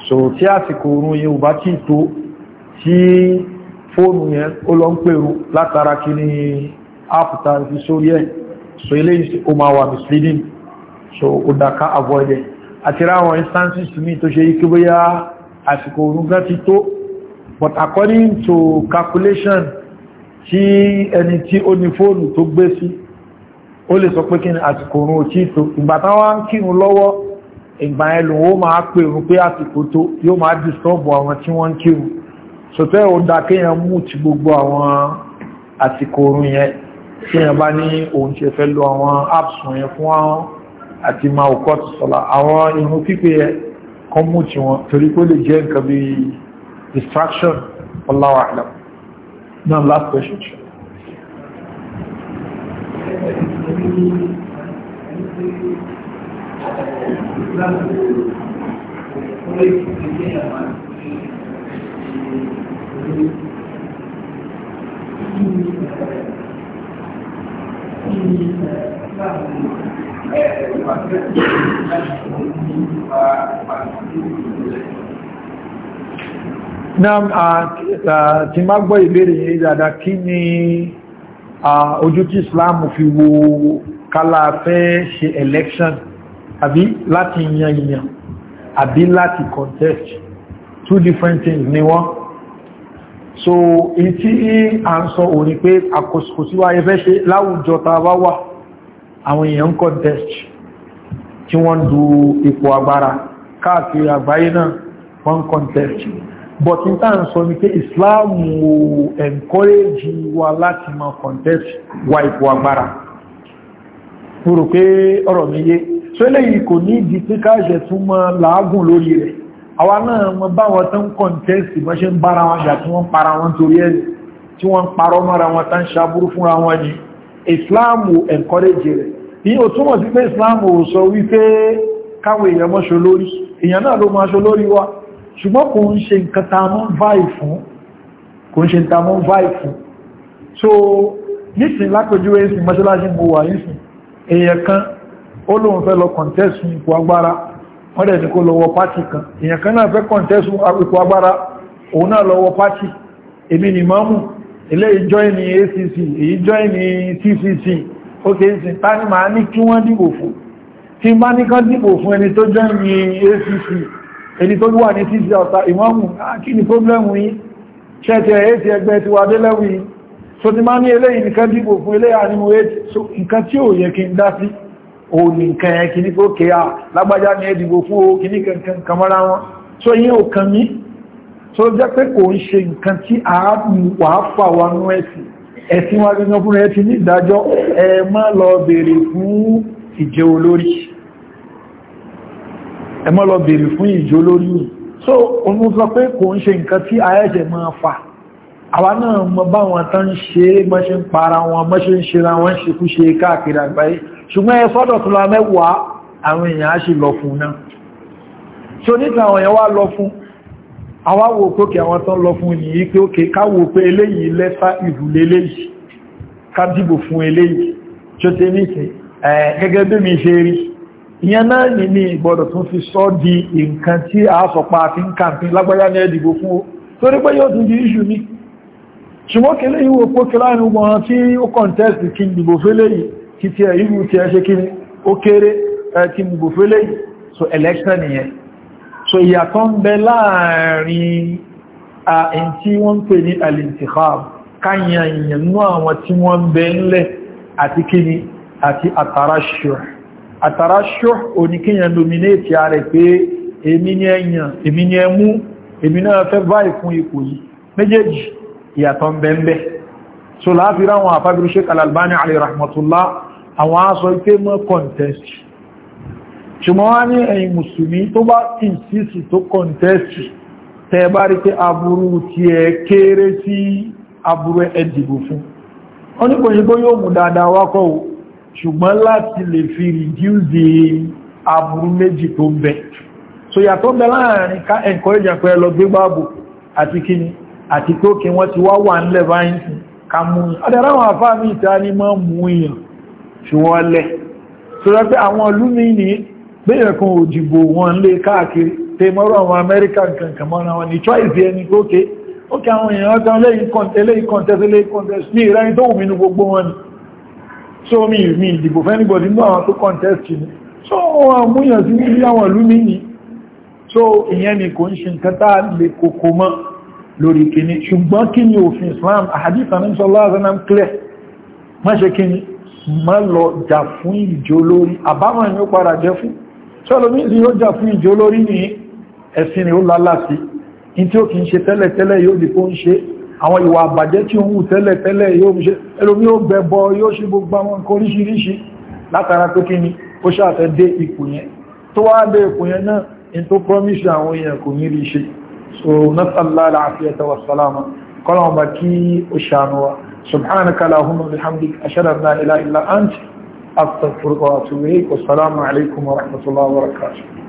A: so tí àsìkò oorun yẹn ò bá tí tó tí fóònù yẹn ó lọ ń pèrò látara kí ní ápùtà ìfi sórí ẹ̀ so eléyìí ó máa wà misleading so ó dáká avoid ẹ̀ àti ráwọn instances mi tó ṣe ikú bóyá àsìkò oorun gan ti tó but according to calculation tí ẹni tí ó ní fóònù tó gbé sí ó lè sọ pé kí ni àsìkò oorun ò tí tó ìgbà táwọn kírun lọ́wọ́ ìgbà ẹlùn ó máa pè rú pé àsìkò tó yóò máa dìstọ́bù àwọn tí wọ́n ń kírù sọ̀tẹ́ ò dá kéèyàn mú ti gbogbo àwọn àsìkò orun yẹn kéèyàn bá ní òun ṣe fẹ́ lo àwọn apps yẹn fún àwọn àti máa òkú ọ̀tún sọ̀la àwọn irun pípé yẹn kan mú ti wọn torí pé ó lè jẹ́ nǹkan bí distraction wallahu a'lam náà last question.
B: Thank you. Náà
A: tí má gbọ́ ìbéèrè yìí dada kí ni ojú tí Islam fi wo kálá fẹ́ ṣe election àbí láti yan ìyàn àbí láti contest two different things ni wọ́n so èyí tí à ń sọ òní pé àkòsíkò sí wáyé fẹ́ ṣe láwùjọ ta bá wà àwọn èèyàn contest tí wọ́n du ipò agbára káàkiri àgbáyé náà wọ́n contest but in tá à ń sọ ní pé Islam ò encourage wa láti máa contest wa ipò agbára mo rò pé ọ̀rọ̀ mi yé so eléyìí kò ní ìdí pé káàṣẹ̀ tún mọ́ làágùn lórí rẹ̀ àwa náà mọ báwọn tó ń kọ̀ǹtẹ́sì wọ́n ṣe ń bára wọn jà tí wọ́n para wọn torí ẹ̀ tí wọ́n parọ́ mọ́ra wọn tán ṣàbúrú fúnra wọn ni ìsìláàmù encourage rẹ̀ ní o túnmọ̀ sí pé ìsìláàmù ò sọ wípé káwọn èèyàn mọ́ wa ṣùgbọ́n kò ń ṣe nǹkan ta mọ́ so nísìn lápẹjúwé sí mọ́ṣáláṣí mo wà nísìn èèyàn kan ó lóun fẹ́ lọ kọ̀ǹtẹ́sùn ipò agbára wọ́n dẹ̀ ní kó lọ́wọ́ pátì kan èèyàn kan náà fẹ́ kọ̀ǹtẹ́sùn ipò agbára òun náà lọ́wọ́ pátì èmi ni mọ́mù ilé ìjọ́ìní ni màá ní kí wọ́n dìbò fún tí bá ní kán dìbò fún ẹni tó jọ́ìní ACC ẹni tó wà ní TCC ọ̀tá ìmọ́mù ah, kí ni pọ́blẹ́mù yìí ṣẹ́ẹ̀tì ẹ̀ẹ́sì ẹgbẹ́ ti wà so ti máa ní eléyìí nìkan dìbò fún eléyà ní mo éjì so nǹkan tí ó yẹ kí n dá sí o ní nǹkan ẹ kì ní kó kí a lágbàjá ní ẹdìbò fún o kì ní kankan kamara wọn so yí o kàn mí so jẹ́ pé kò ń ṣe nǹkan tí a wà fà wà nú ẹ̀sì ẹ̀sìn wa gẹ́gẹ́ fún ẹ ní ìdájọ́ ẹ má lọ bèèrè fún ìjẹ olórí ẹ má lọ bèèrè fún ìjẹ olórí so òun sọ pé kò ń ṣe nǹkan tí a ẹ̀ṣẹ̀ máa fà àwa náà mọ báwọn tán ń ṣe mọ́ṣe ń para wọn mọ́ṣe ń ṣe ra wọn ṣe ṣe káàkiri àgbáyé ṣùgbọ́n ẹ tó lọ àwọn èèyàn á sì lọ fún náà so nígbà àwọn èèyàn wá lọ fún àwa wo kókè àwọn tán lọ fún yìí pé ókè káwò pé eléyìí lẹ́sà ìbùlé eléyìí ká mi ṣe rí ìyẹn náà ní ní ìgbọ́dọ̀ tún fi sọ́ di nǹkan tí yóò tún di iṣu ní ṣùgbọ́n kele ìwò pó kílá inú wọn tí ó kọ̀ntẹ́sì kí dìbò fẹ́lẹ̀ yìí kí tí ìlú tí ẹ ṣe kí ní ó kéré kí dìbò fẹ́lẹ̀ so election yẹn so ìyàtọ̀ ń bẹ láàrin àìn tí wọ́n pè ní al-intikhab káyànyànú àwọn tí wọ́n bẹ ńlẹ̀ àti kí ní àti atarashuh atarashuh oníkíyàn nominate méjèèjì ìyàtọ̀ bẹ́ẹ̀bẹ́ so láàfíra àwọn àfábírú Sheikh Al-Albani alayhi rahmatullah àwọn aṣọ ipé mọ́ contest ṣùgbọ́n wá ní ẹ̀yin mùsùlùmí tó bá insist tó contest tẹ́ bá rí pé aburú ti ẹ kéré sí aburú ẹ̀dìbò fún wọ́n ní kòyìnbó yóò mú dáadáa wákọ̀ ṣùgbọ́n láti lè fi reduce aburú méjì tó ń bẹ so yàtọ̀ bẹ láàrin ká encourage àpẹẹlọ gbégbàbò àti kíni àti tó kí wọ́n ti wá wà ń lẹ̀ báyìí ká mú yàn adẹ́rẹ́ àwọn àfá mi ìta ní mọ́ mú yàn ṣùwọ́n lẹ̀ tó rẹ́ pé àwọn ìlú mi ní gbéyàn kan òdìbò wọn lé káàkiri tẹ mọ́rọ̀ àwọn amẹ́ríkà kankan mọ́ra wọn ní choice ẹni tó ké ó kí àwọn èèyàn ọjọ́ lẹ́yìn contest lẹ́yìn contest ní ìrẹ́ni so mi mi ìdìbò fẹ́nibọ̀dì ní àwọn tó so wọn múyàn sí ní so ni kò ń ṣe nǹkan lórí kíní ṣùgbọ́n kí ni òfin Islam àhàdíta ní sọ́lá àzánà ń clear má ṣe kí ni má lọ jà fún ìjó lórí àbámọ̀ ni ó padà jẹ́ fún ṣọ́lọ́mí sí yóò jà fún ìjó lórí ní ẹ̀sìn ni ó lálásí in tí ó kì í ṣe tẹ́lẹ̀tẹ́lẹ̀ yóò di kó ń ṣe àwọn ìwà àbàjẹ́ tí ó ń hù tẹ́lẹ̀tẹ́lẹ̀ yóò ṣe ẹlòmí ó gbẹbọ ni ó ṣàfẹ́ dé ipò yẹn tó wá dé ipò yẹn náà in tó ونسأل الله العافية والسلامة قال مكي أشانوا سبحانك اللهم وبحمدك أشهد أن لا إله إلا أنت أستغفرك وأتوب إليك والسلام عليكم ورحمة الله وبركاته